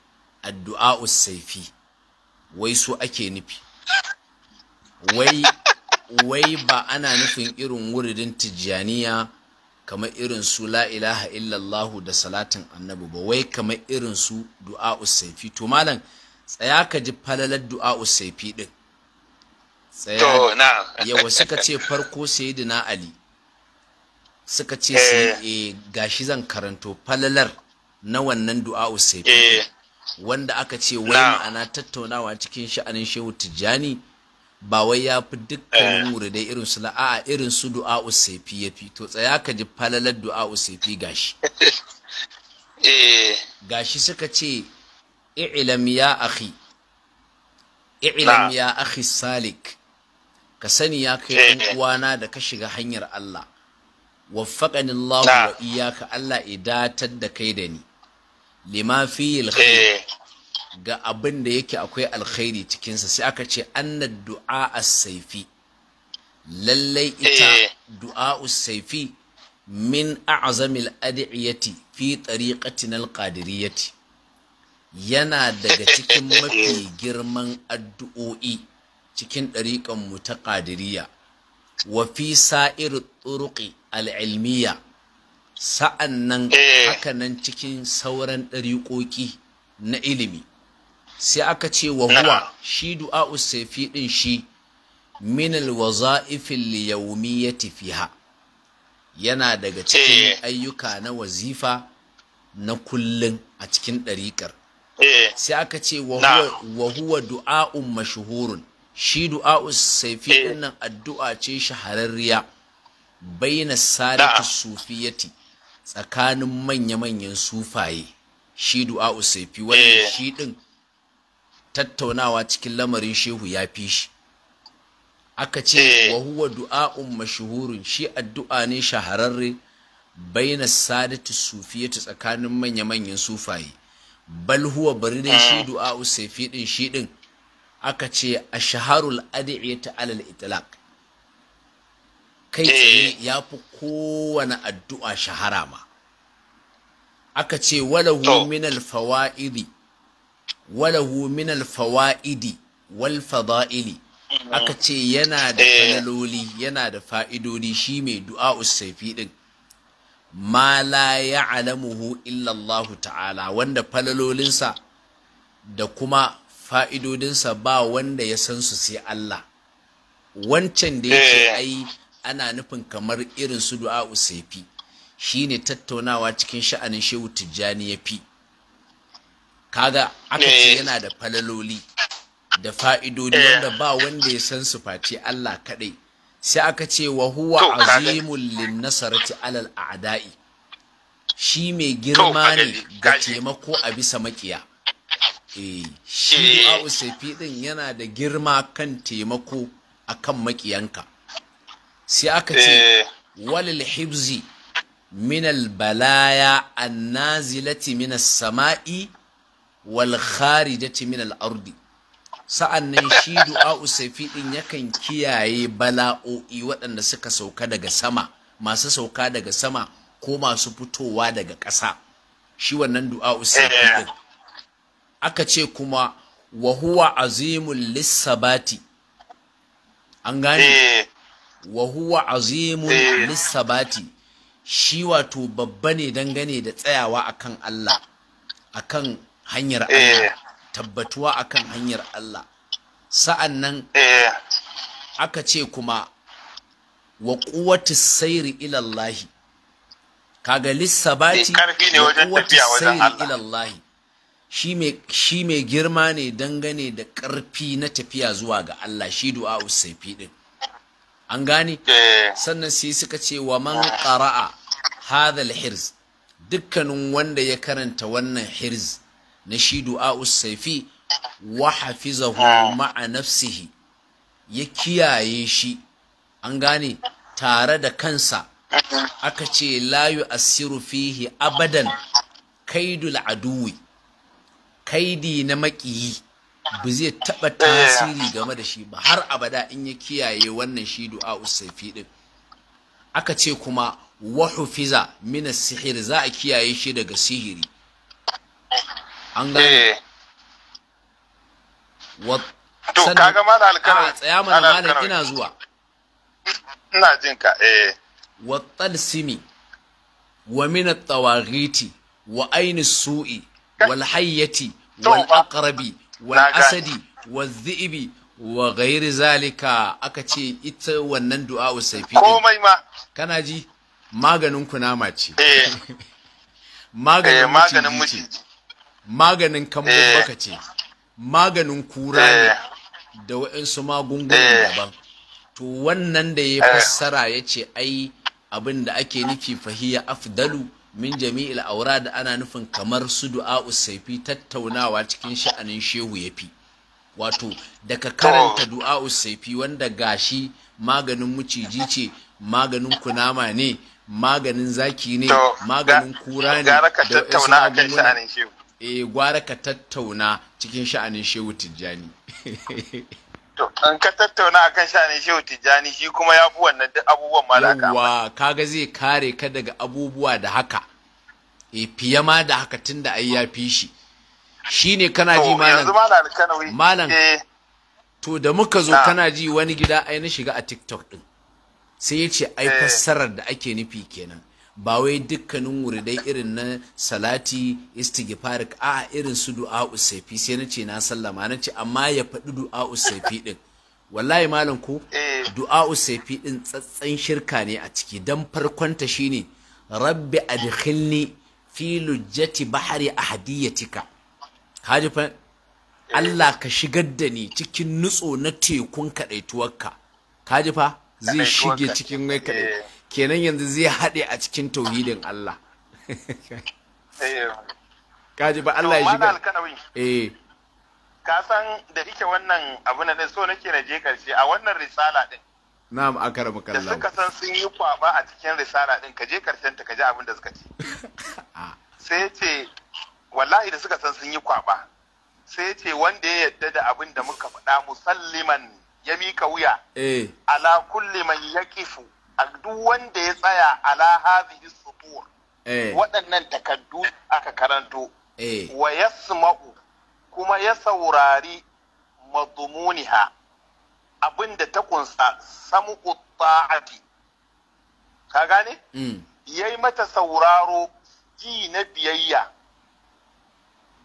addu'a saifi wai su ake nufi wai wai ba ana nufin irin wuridin tijjaniya kamar irin su la ilaha illallahu da salatin annabi ba wai kamar irin su du'a usaifi to malam tsaya ka ji falalar du'a usaifi din tsaya yawa suka ce farko sayidina ali suka ce sai e eh. eh, gashi zan karanto falalar na wannan du'a usaifi eh. wanda aka ce wai ma'ana tattaunawa cikin sha'anin shehu tijjani ba wai ya fi dukkanin muridai eh. irin su la'a irin su du'a usaifi ya fi to tsaya ka ji falalar du'a usaifi gashi eh. gashi suka ce i'ilam ya akhi i'ilam ya akhi salik ka sani ya kai yan eh. uwana da ka shiga hanyar Allah waffaqani Allah wa iyyaka Allah idatar da kai da ni lima fi alkhair ga abin da yake akwai alkhairi cikinsa sai aka ce annad du'a as-saifi lallai ita eh. du'a as-saifi min a'zamil ad'iyati fi tariqatina al-qadiriyati yana daga cikin mafi girman addu'o'i cikin ɗariƙan mu ta ƙadiriya wa fi sa'ir turuqi al'ilmiya sa'annan eh. hakanan cikin sauran ɗariƙoƙi na ilimi sai aka ce wa huwa shi du'a'u saifi din shi min alwaza'ifil liyawmiyati fiha yana daga cikin eh. ayyuka na wazifa na kullun a cikin dariƙar. Eh. sai aka ce wa huwa du'a'un mashhurun shi du'a'u saifi eh. din nan addu'a ce shahararriya baina sadatu sufiyati tsakanin manya-manyan sufaye shi du'a'u saifi wannan shi din tattaunawa cikin lamarin shehu ya fi shi aka ce eh. wa huwa du'a'un mashuhurin shi addu'a ne shahararre baina sadatu ta tsakanin manya-manyan sufaye bal huwa bari dai shi hmm. du'a'u sayfi din shi din aka ce ashharul adiyata alal itlaq kai tsaye eh. ya fi kowane addu'a shahara ma aka ce wala min al fawa'idi walahu min alfawaidi wal fada'ili mhm. aka ce yana da eh. falaloli yana da fa'idodi shi mai du'a usaifi din ma la ya'lamuhu illa Allah ta'ala wanda falalolinsa da kuma fa'idodinsa ba wanda ya san su sai Allah wancan da yake eh. ai ana nufin kamar irin su du'a usaifi shine tattaunawa cikin sha'anin shehu tijjani ya fi kaga aka ce eh. yana da falaloli da fa'idodi eh. wanda ba wanda ya san su face Allah kaɗai, sai aka ce wa huwa azimul lin nasarati alal a'da'i shi mai girma ne ga taimako a bisa makiya eh shi eh. a din yana da girma kan taimako akan makiyanka sai aka ce walil hibzi min al balaya annazilati min as sama'i wal kharijati min al ardi sa'annan shi du'a'u safi din yakan kiyaye bala'o'i waɗanda suka sauka daga sama masu sauka daga sama ko masu fitowa daga ƙasa shi wannan du'a'u safi din eh. aka ce kuma wa huwa azimul lissabati an gane eh. wa azimun eh. lissabati shi wato babba ne dangane da tsayawa akan Allah akan hanyar eh. Allah tabbatuwa akan hanyar Allah sa'an nan eh. aka ce kuma wa sayri sairi Allah kaga lissabati eh, wa kuwati sairi Allah shi mai girma ne dangane da ƙarfi na tafiya zuwa ga Allah shi du'a usaifi din an gane sannan sai suka ce wa man qara'a hadha hirz dukkanin wanda ya karanta wannan hirz na shi du'a'u saifi wa hafizahu ah. ma'a nafsihi ya kiyaye shi an gane tare da kansa aka ce layu asiru fihi abadan kaidul aduwi kaidi na makiyi. ba zai taɓa tasiri game da shi ba har abada in ya kiyaye wannan shi du'a usaifi din aka ce kuma wahufiza mina sihir za a kiyaye shi daga sihiri an gane eh. to kaga mana alkarar tsaya mana mana ina zuwa ina jin ka eh wa talsimi wa min at-tawaghiti wa aini su'i wal hayyati wal aqrabi wal asadi wal dhi'bi wa ghairi zalika aka ce ita wannan du'a usaifi komai ma kana ji maganin kunama ce eh maganin eh, miji maganin kamar eh. baka ce maganin kura ne eh. da waɗansu magungunan eh. daban to wannan da ya fassara ya ce ai abin da ake nufi fahiya afdalu min jami'il aura da ana nufin kamar su du'a usaifi tattaunawa cikin sha'anin shehu ya fi wato daga karanta du'a usaifi wanda gashi maganin muciji ce maganin kunama ne maganin zaki ne maganin kura ne da waɗansu magungunan eh gwara ka tattauna cikin sha'anin shehu tijjani to an ka tattauna akan sha'anin shehu tijjani shi kuma ya fi wannan duk abubuwan malaka yawa kaga zai kare ka daga abubuwa da haka e fiye ma da haka tun da ai ya fi shi Shi ne kana ji malam malam eh. to da muka zo kana ji wani gida ai na shiga a TikTok din sai ya ce ai eh. fassarar da ake nufi kenan ba wai dukkanin wuridai irin na salati istigifarik a irin su du'a usaifi sai na ce na sallama na ce amma ya faɗi du'a usaifi din wallahi malam ko eh. du'a usaifi din tsatsan shirka ne a ciki dan farkonta shine rabbi adkhilni fi lujjati bahari ahadiyatika kaji fa Allah ka shigar da ni cikin nutso na tekun kaɗaituwarka kaji fa zai shige cikin kai kenan yanzu zai haɗe a cikin tauhidin Allah eh. kaji ba Allah ya shiga eh ka san da ike wannan abu na so nake na je karshe a wannan risala din na'am akara maka Allah da suka san sun yi kwaba a cikin risala din ka je karshen ta ka ji abin da suka ce ah. sai ce wallahi da suka san sun yi kwaba sai ce wanda ya yadda da abin da muka faɗa musalliman ya mika wuya eh. ala kulli man yaqifu duk wanda ya tsaya ala hadhihi sutur eh. waɗannan takaddu aka karanto eh. wa yasma'u kuma ya saurari abin abinda ta kunsa samu ta'ati ka gane hmm. yi mata sauraro ji na biyayya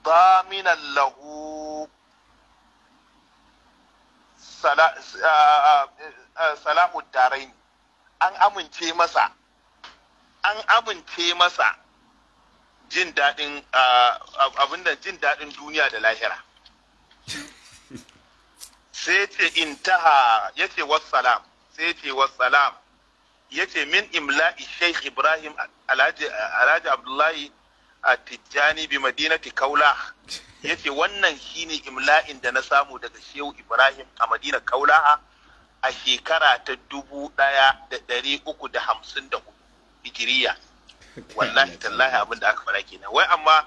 daminan lahu salahu ah, ah, eh, ah, daraini an amince masa an amince masa jin daɗin abin da jin daɗin duniya da lahira sai ce intaha ya ce wassalam sai ce wassalam ya ce min imla'i sheikh ibrahim alhaji abdullahi a tijjani bi madinati kaula ya ce wannan shine imla'in da na samu daga shehu ibrahim a madina kaula'a a shekara ta dubu ɗaya da ɗari uku da hamsin da hijiriya wallahi tallahi abin da aka fara kenan wai amma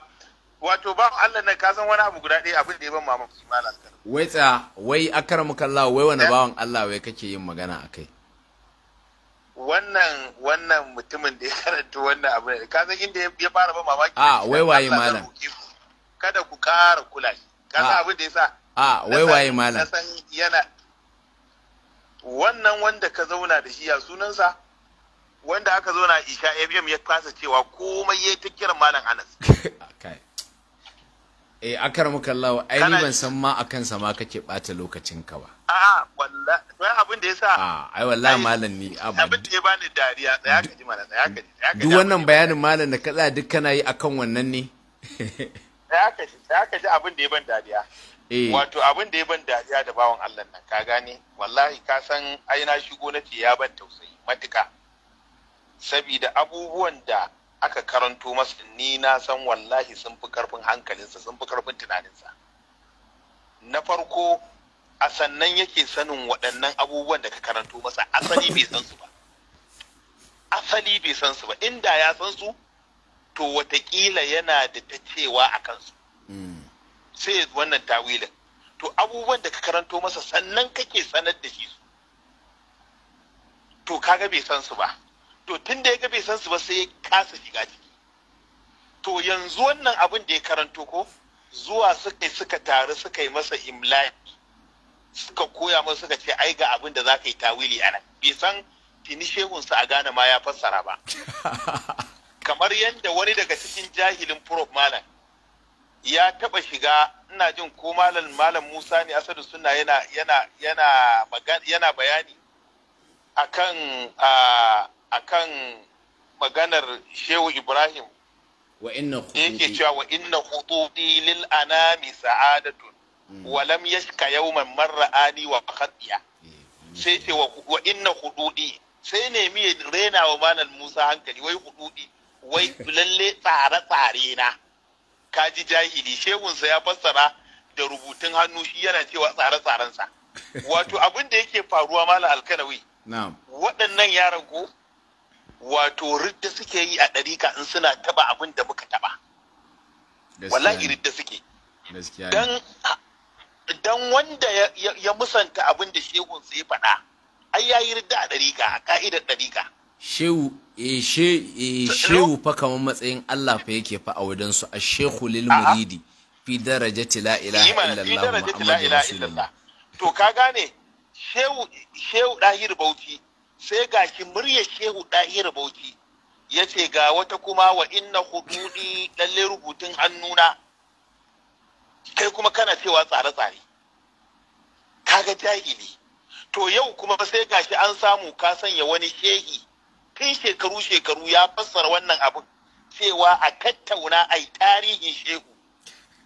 wato ba Allah na kasan wani abu guda ɗaya abin da ya ban mamaki malam wai tsaya wai akara mukalla wai wani eh? bawan Allah wai kake yin magana kai? wannan wannan mutumin da ya karanta wannan abu kasan inda ya fara ba mamaki a ah, wai waye malam kada ku kara kula shi kasan ah. abin da ya sa a ah, wai waye malam yana wannan wanda ka zauna da shi ya sunansa wanda aka zauna a isha fm ya kasa cewa komai ya ta kiran malam anas eh kar muka lawa ainihin ban san ma a kansa ma kake bata lokacin ka ba a'a wallahi wai abin da ya sa a ah, ai wallahi malam ni ah, abin da ya bani dariya tsaya ka ji mana tsaya ka ji duk wannan bayanin malam da ka tsaya duk kana yi akan wannan ne tsaya ka ji tsaya ka ji abin da ya ban dariya Eh. wato abin da ya ban dariya da bawan Allah nan ka gane wallahi ka san aina shi shigo ce ya ban tausayi matuka sabida abubuwan da aka karanto masa ni na san wallahi sun fi karfin hankalinsa sun fi karfin tunaninsa na farko a sannan yake sanin waɗannan abubuwan da ka karanto masa asali bai san su ba asali bai san su ba inda ya san su to watakila yana da ta cewa a kansu hmm. sai wannan tawilin to abubuwan da ka karanto masa sannan kake sanar da shi su to kaga bai san su ba to tun da ya ga bai san su ba sai ya kasa shiga ciki to yanzu wannan abin da ya karanto ko zuwa suka suka taru suka yi masa imla'i suka koya masa suka ce ai ga abin da za ka yi tawili ana bai san tini shegunsa a gane ma ya fassara ba kamar yadda wani daga cikin jahilin prof malam ya taɓa shiga ina jin ko malam malam Musa ne Asadu suna yana yana yana magana yana bayani akan akan maganar Shehu Ibrahim wa inna yake cewa wa inna khutudi lil anami sa'adatun mm. wa lam yashka yawman ani wa khatiya mm. sai ce wa inna hududi sai nemi ya rena wa malam Musa hankali wai hududi wai lalle tsare tsare na kaji jahili shehunsa ya fassara da rubutun hannu shi yana cewa tsare-tsarensa wato abin da yake faruwa mala alkanawi waɗannan yaran ko wato ridda suke yi a ɗarika in suna taba abin da muka taba wallahi ridda suke dan wanda ya musanta abin da shehunsa ya faɗa ai yi ridda a ɗarika a ka'idar ɗarika shehu shehu fa kaman matsayin Allah fa yake fa a wajen su ashehu lil muridi fi darajati la ilaha illallah muhammadu rasulullah to ka gane shehu shehu dahir bauchi sai gashi murya shehu dahir bauchi yace ga wata kuma wa inna hududi lalle rubutun hannuna kai kuma kana cewa tsare-tsare kaga jahili to yau kuma sai gashi an samu ka sanya wani shehi tun shekaru shekaru ya fassara wannan abin cewa a tattauna a tarihin shehu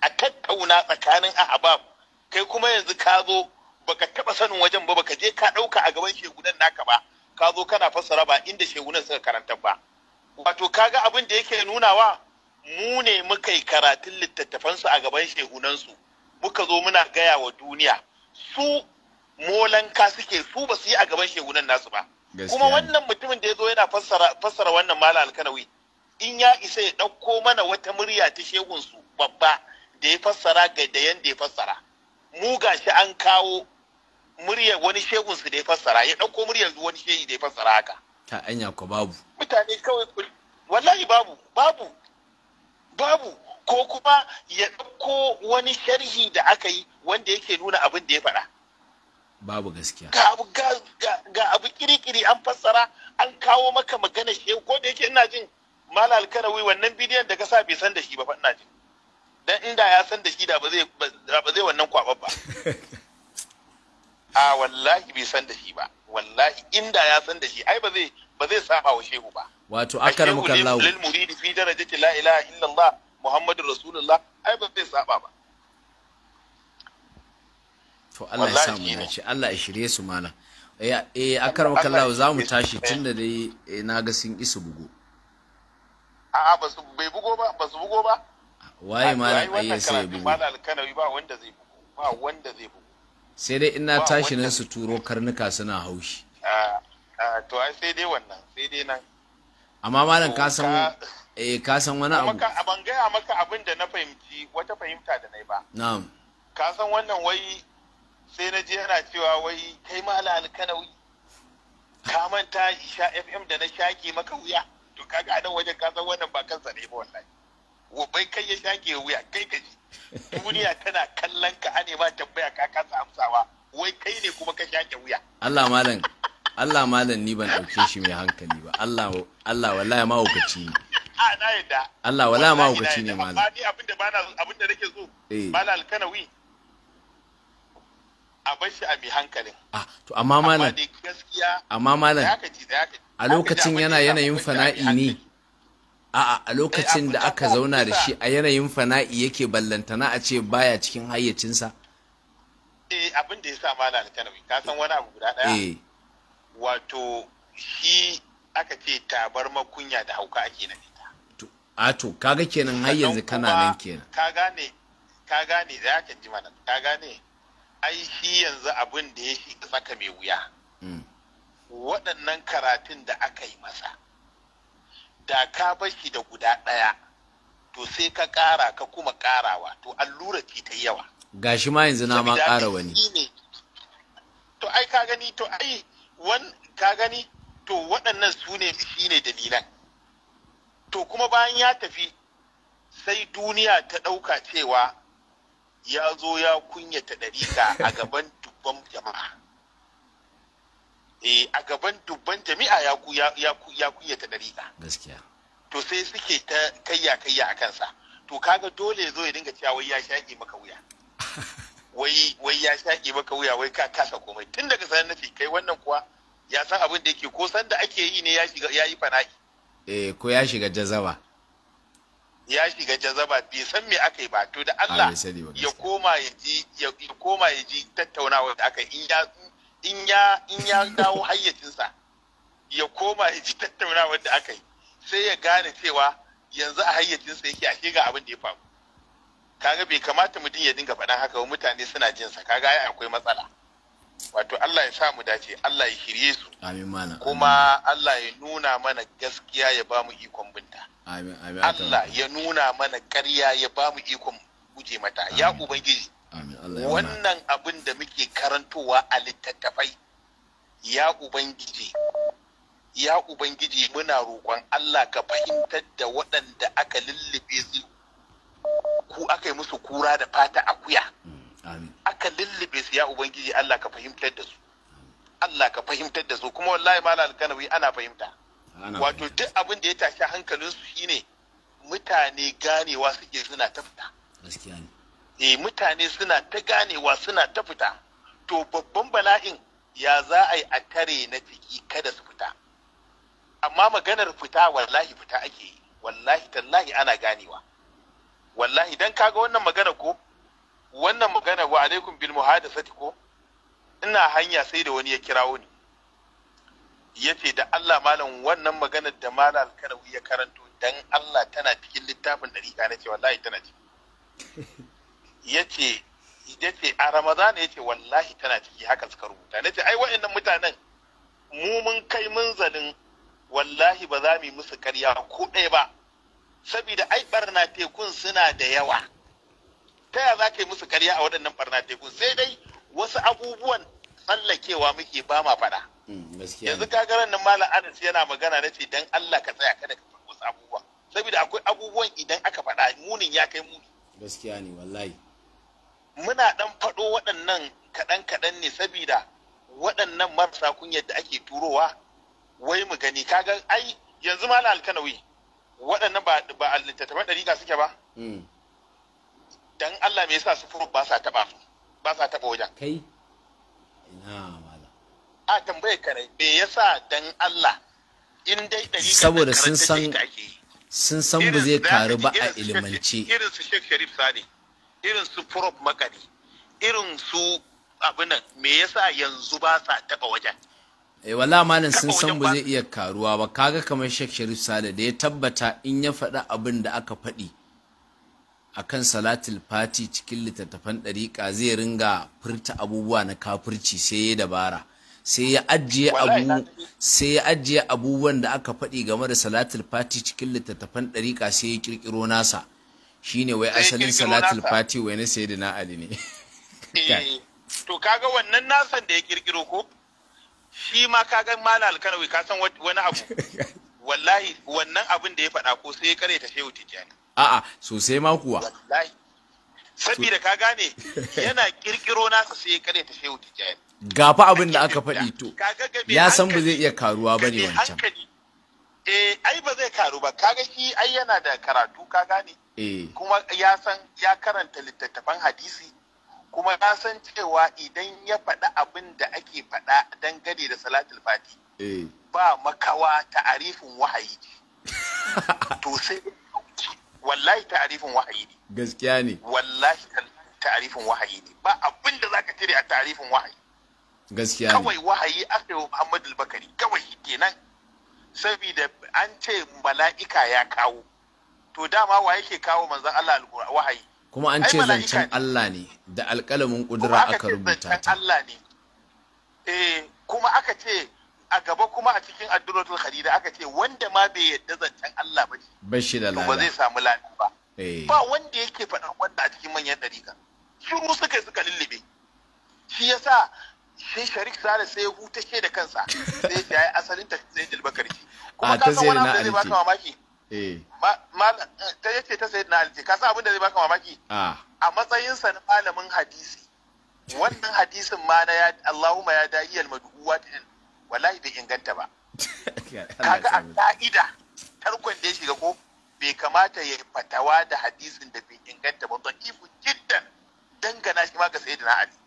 a tattauna tsakanin ahbab kai kuma yanzu ka zo baka taba sanin wajen ba baka je ka ɗauka a gaban shegunan naka ba ka zo kana fassara ba inda shegunan suka karanta ba wato kaga abin da yake wa? mu ne muka yi karatun littattafansu a gaban shehunansu muka zo muna gaya wa duniya su molanka suke su ba su yi a gaban shehunan nasu ba kuma wannan mutumin da ya zo yana fassara wannan mala alkanawi in ya isa ya ɗauko mana wata murya ta shegunsu babba da ya fassara ga da yanda ya fassara mu gashi an kawo muryar wani shegunsu da ya fassara ya ɗauko muryar wani shehi da ya fassara haka ta anya ko babu mutane kawai wallahi babu babu babu ko kuma ya ɗauko wani sharhi da aka yi wanda yake nuna abin da ya faɗa babu gaskiya ga abu ga abu kirikiri an fassara an kawo maka magana shehu ko da yake ina jin mala alkarawi wannan bidiyon da ka sa bai san da shi ba fa ina jin dan inda ya san da shi da ba zai ba zai wannan kwaba ba a ah, wallahi bai san da shi ba wallahi inda ya san da shi ai ba zai ba zai saba wa shehu ba wato akaramu kallahu lil muridi fi darajati la ilaha illallah muhammadur rasulullah ai ba zai saba ba to Allah ya samu ce Allah ya shirye su malam eh, eh a karwa kallawa za mu tashi tun da dai eh, na ga sun isu bugo. A a ba su bai bugo ba ba su bugo ba waye malam ayyan sai ya bugo. malam alkanawi ba wanda zai bugu ba wanda zai bugu sai dai ina tashi nan su turo karnuka suna haushi A to ai sai dai wannan sai dai nan amma malam ka san eh ka san wani abu ban gaya maka abin da na fahimci wata fahimta da nai ba na'am ka san wannan wai sai na je yana cewa wai kai Malam alkanawi ka manta isha fm da na shaƙe maka wuya to ka ga nan wajen kasan wannan ba kansa ne ba wallahi bai kai ya shaƙe wuya kai ka ji duniya tana kallon ka ane ma tambaya ka kasa amsawa wai kai ne kuma ka shaƙe wuya Allah malam Allah malam ni ban ɗauke shi mai hankali ba Allah Allah wallahi ma hukaci ne a na yadda Allah wallahi ma hukaci ne malam ni abinda na abinda nake so eh. malam alkanawi a bar shi a mai hankalin ah to amma malam amma dai gaskiya. Amma malam Da a lokacin yana yanayin fana'i ne a a lokacin da aka zauna da shi a yanayin fana'i yake ballantana a ce baya cikin hayyacinsa eh abin da ya sa malam alkanawi ka san wani abu guda daya eh. wato shi aka ce tabar makunya da hauka ake na ita a to kaga kenan har yanzu kana nan kenan ka gane ka gane da ka ji mana ka gane ai shi yanzu abin da ya shiga tsaka mai wuya hmm. waɗannan karatun da aka yi masa da ka bashi da guda ɗaya to sai ka ƙara ka kuma ƙarawa to allura ce ta yawa Ga shi ma yanzu na ma ƙara wani to ai ka gani to ai wan ka gani to waɗannan su ne shi ne dalilan to kuma bayan ya tafi sai duniya ta ɗauka cewa ya zo ya kunyata ɗariƙa a gaban dubban jama'a eh a gaban dubban jami'a ya kunyata ɗariƙa gaskiya to sai suke ta kayya kayya a kansa to kaga dole zo ya dinga cewa wai ya shaƙe maka wuya wai wai ya shaƙe maka wuya wai ka kasa komai tun daga sanar nafi kai wannan kuwa ya san abin da yake ko san da ake yi ne ya shiga ya yi fana'i eh ko ya shiga jazawa ya shiga jazaba bai san me aka yi ba to da ah, Allah ya koma ya ji ya koma ya ji tattaunawa da aka in ya in ya in ya dawo hayyacinsa ya koma ya ji tattaunawa da aka yi sai ya gane cewa yanzu a hayyacinsa yake ake ga abin da ya faru kaga bai kamata mutum ya dinga faɗan haka ba mutane suna jin sa kaga ai akwai matsala wato Allah ya sa mu dace Allah ya shirye su amin mana kuma Allah ya nuna mana gaskiya ya ba mu ikon binta Allah ya nuna mana ƙarya ya ba mu ikon guje mata ya ubangiji wannan abin da muke karantowa a littattafai ya ubangiji ya ubangiji muna roƙon Allah ka fahimtar da waɗanda aka lullube su ku aka yi musu kura da fata akuya mm, aka lullube su ya ubangiji Allah ka fahimtar da su Allah ka fahimtar da su kuma wallahi malam alkanawi ana fahimta wato duk abin da ya tashi hankalin su shine mutane ganewa suke suna ta fita e mutane suna ta ganewa suna ta fita to babban bala'in ya za a yi a tare na ciki kada su fita amma maganar fita wallahi fita ake yi wallahi tallahi ana ganewa wallahi dan kaga wannan magana ko wannan magana wa alaikum bil muhadasati ko ina hanya sai da wani ya kirawo ni ya ce da Allah malam wannan maganar da malam alkarawi ya karanto dan Allah tana cikin littafin da rika na ce wallahi tana ciki ya ce ya ce a ramadana ya ce wallahi tana ciki haka suka rubuta na ce ai wa'annan mutanen mu mun kai wallahi ba za mu yi musu karya ko ɗaya ba saboda ai barna tekun suna da yawa ta ya za ka yi musu karya a waɗannan barna tekun sai dai wasu abubuwan tsallakewa muke ba ma faɗa Mm, yanzu kagaran nan malam anas yana magana na ce dan Allah ka tsaya kada ka faɗi wasu abubuwa saboda akwai abubuwan idan aka faɗa munin ya kai muni gaskiya ne wallahi muna dan faɗo waɗannan kaɗan kaɗan ne saboda waɗannan marasa kunya da ake turowa wai mu gani kaga ai yanzu malam alkanawi waɗannan ba ba littattafan ɗariƙa suke ba mm. dan Allah me yasa su furu ba sa taɓa ba sa wajen kai ina a tambaye ka ne me yasa dan Allah in dai dari saboda sun san sun san ba zai karu ba a ilimance irin su Sheikh Sharif Sani irin su Prof Makari irin su abin nan me yasa yanzu ba sa taba wajen eh wala malam sun san ba zai iya karuwa ba kaga kamar Sheikh Sharif Sani da ya tabbata in ya faɗi abin da aka faɗi akan salatul fati cikin littattafan ɗariƙa zai ringa furta abubuwa na kafirci sai ya dabara sai ya ajiye abu sai ya ajiye abubuwan da aka faɗi game da salatul fati cikin littattafan ɗariƙa sai ya kirkiro nasa shine wai asalin salatul fati wai na sayyidina ali ne eh, to kaga wannan nasan da ya kirkiro ko shi ma kaga malal alkarawi ka san wani abu wallahi wannan abin da ya faɗa ko sai ya kare ta shehu tijjani a'a sosai ma kuwa wallahi saboda ka gane yana kirkiro nasa sai ya kare ta shehu tijjani gafa abin da aka faɗi to ya san ba zai iya karuwa ba ne wancan eh ai ba zai karu ba kaga shi ai yana da karatu ka gane eh. kuma ya san ya karanta littattafan hadisi kuma ya san cewa idan ya faɗa abin da ake faɗa dangane da salatul fati eh. ba makawa ta'arifin wahayi to sai wallahi ta'arifin wahayi ne gaskiya ne wallahi ta'arifin wahayi ne ba abin da zaka cire a ta'arifin wahayi gaskiya kawai wahayi aka yi Muhammadu bakari kawai kenan saboda an ce mala'ika ya kawo to dama wa yake kawo manzan Allah wahayi kuma an ce zancen Allah ne da alƙalamin kudura aka rubuta ta Allah ne eh kuma aka ce a gaba kuma a cikin addu'atul khadida aka ce wanda ma bai yadda zancen Allah ba ba shi da lada ba zai samu lada ba eh. ba wanda yake faɗa wanda a cikin manyan dariƙa shiru suka suka lullube shi yasa sai sharik sale sai ya hutashe da kansa sai ya yi asalin ta sai dilbakar ce kuma ka san wani abu da zai baka mamaki eh. ta yace ta sayyidina ali ka san abin da zai baka mamaki a matsayinsa na malamin hadisi wannan hadisin ma na ya Allahumma ya da'i al-madhuwa din wallahi bai inganta ba kaga a ka'ida tarkon da ya shiga ko bai kamata ya fatawa da hadisin da bai inganta ba da'ifu jiddan dangana shi ma ga sayyidina ali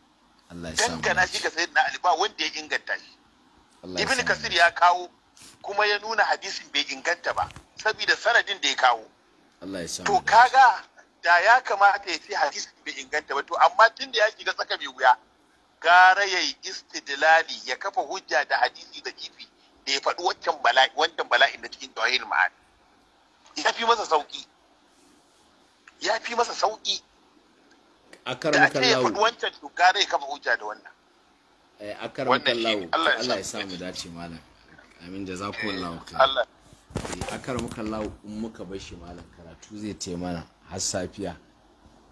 dangana shi ka sayyidina ali ba wanda ya inganta shi ibn kasir ya kawo kuma ya nuna hadisin bai inganta ba saboda sanadin da ya kawo to kaga da ya kamata ya ce hadisin bai inganta ba to amma tun da ya shiga tsaka mai wuya gara ya yi istidlali ya kafa hujja da hadisi da kifi da ya faɗi wancan bala'i wancan bala'in da cikin tawahin ma'ani ya fi masa sauƙi. ya fi masa sauƙi. a karan kallawo da wancan to gare ka ba hujja da wannan eh a karan kallawo Allah ya samu dace malam amin jazakumullahu eh, khair Allah eh, a karan kallawo in muka bar shi malam karatu zai te mana har safiya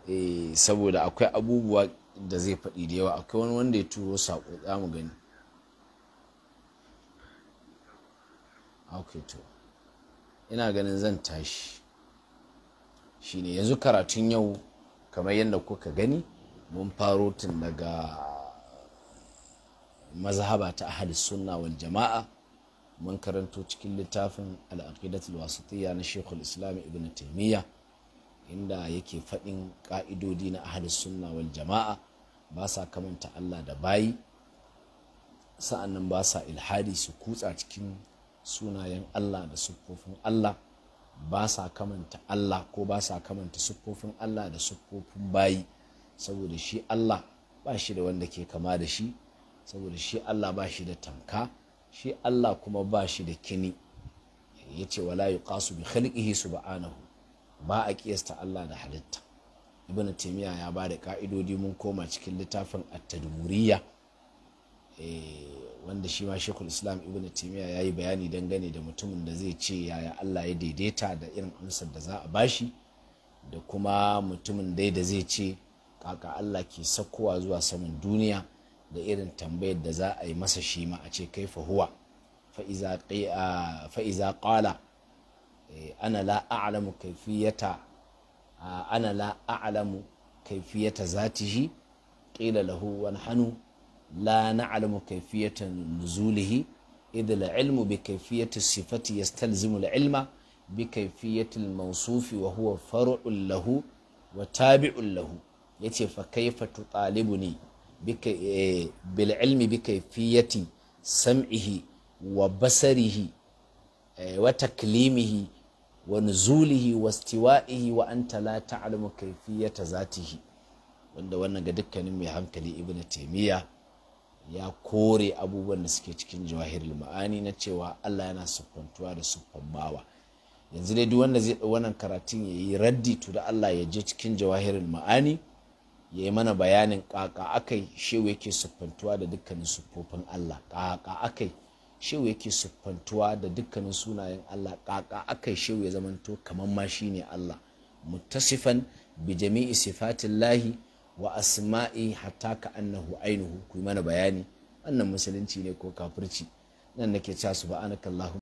eh saboda akwai abubuwa da zai faɗi da yawa akwai wani wanda ya turo sako za mu gani okay to ina ganin zan tashi shine yanzu karatun yau kamar yadda kuka gani mun faro tun daga mazhaba ta ahli sunna wal jama'a mun karanto cikin littafin al'aqidatul wasitiyya na shekul islam ibn taimiyya inda yake faɗin ƙa'idodi na ahli sunna wal jama'a ba sa kamanta allah da bayi sa'annan ba sa ilhadi su kutsa cikin sunayen allah da siffofin allah ba sa kamanta Allah ko ba sa kamanta siffofin Allah da siffofin bayi saboda shi Allah ba shi da wanda ke kama da shi saboda shi Allah ba shi da tamka shi Allah kuma ba shi da kini ya ce wala kasu bi khalqihi subhanahu ba a kiyasta Allah da halitta ibn taymiya ya ba da ka'idodi mun koma cikin littafin at Eh, wanda shi ma shekul islam ibn taimiyya ya yi bayani dangane da mutumin da zai ce yaya allah ya daidaita da irin amsar da za a bashi da kuma mutumin dai da zai ce kaka allah ke sakowa zuwa saman duniya da irin tambayar da za a yi masa shi ma a ce kai fahuwa fa'iza kwala eh, ana la a'lamu kaifiyata ana la ƙila lahu wani hannu la na'lamu kayfiyatan nuzulihi idan la ilmu bi kayfiyati sifati yastalzimu la ilma bi kayfiyati al-mawsufi wa huwa far'un lahu wa tabi'un ya yace fa kayfa tutalibuni bil ilmi bi kayfiyati sam'ihi wa basarihi wa taklimihi wa nuzulihi wa istiwa'ihi wa anta la ta'lamu kaifiyata zatihi wanda wannan ga dukkanin mai hankali ibnu taimiyya. ya kore abubuwan da suke cikin jawahirul ma'ani na cewa Allah yana siffantuwa da siffan bawa yanzu dai duk wanda zai ɗau wannan karatun ya yi raddi to da Allah ya je cikin jawahirul ma'ani ya yi mana bayanin kaka akai shewa yake siffantuwa da dukkanin siffofin Allah ƙaƙa akai shewa yake siffantuwa da dukkanin sunayen Allah ƙaƙa akai shewa ya zamanto kamar ma shine Allah muttasifan bi jami'i sifatillahi wa asma'i hatta ka annahu ainihu ku mana bayani wannan musulunci ne ko kafirci nan nake cewa subhanakallahumma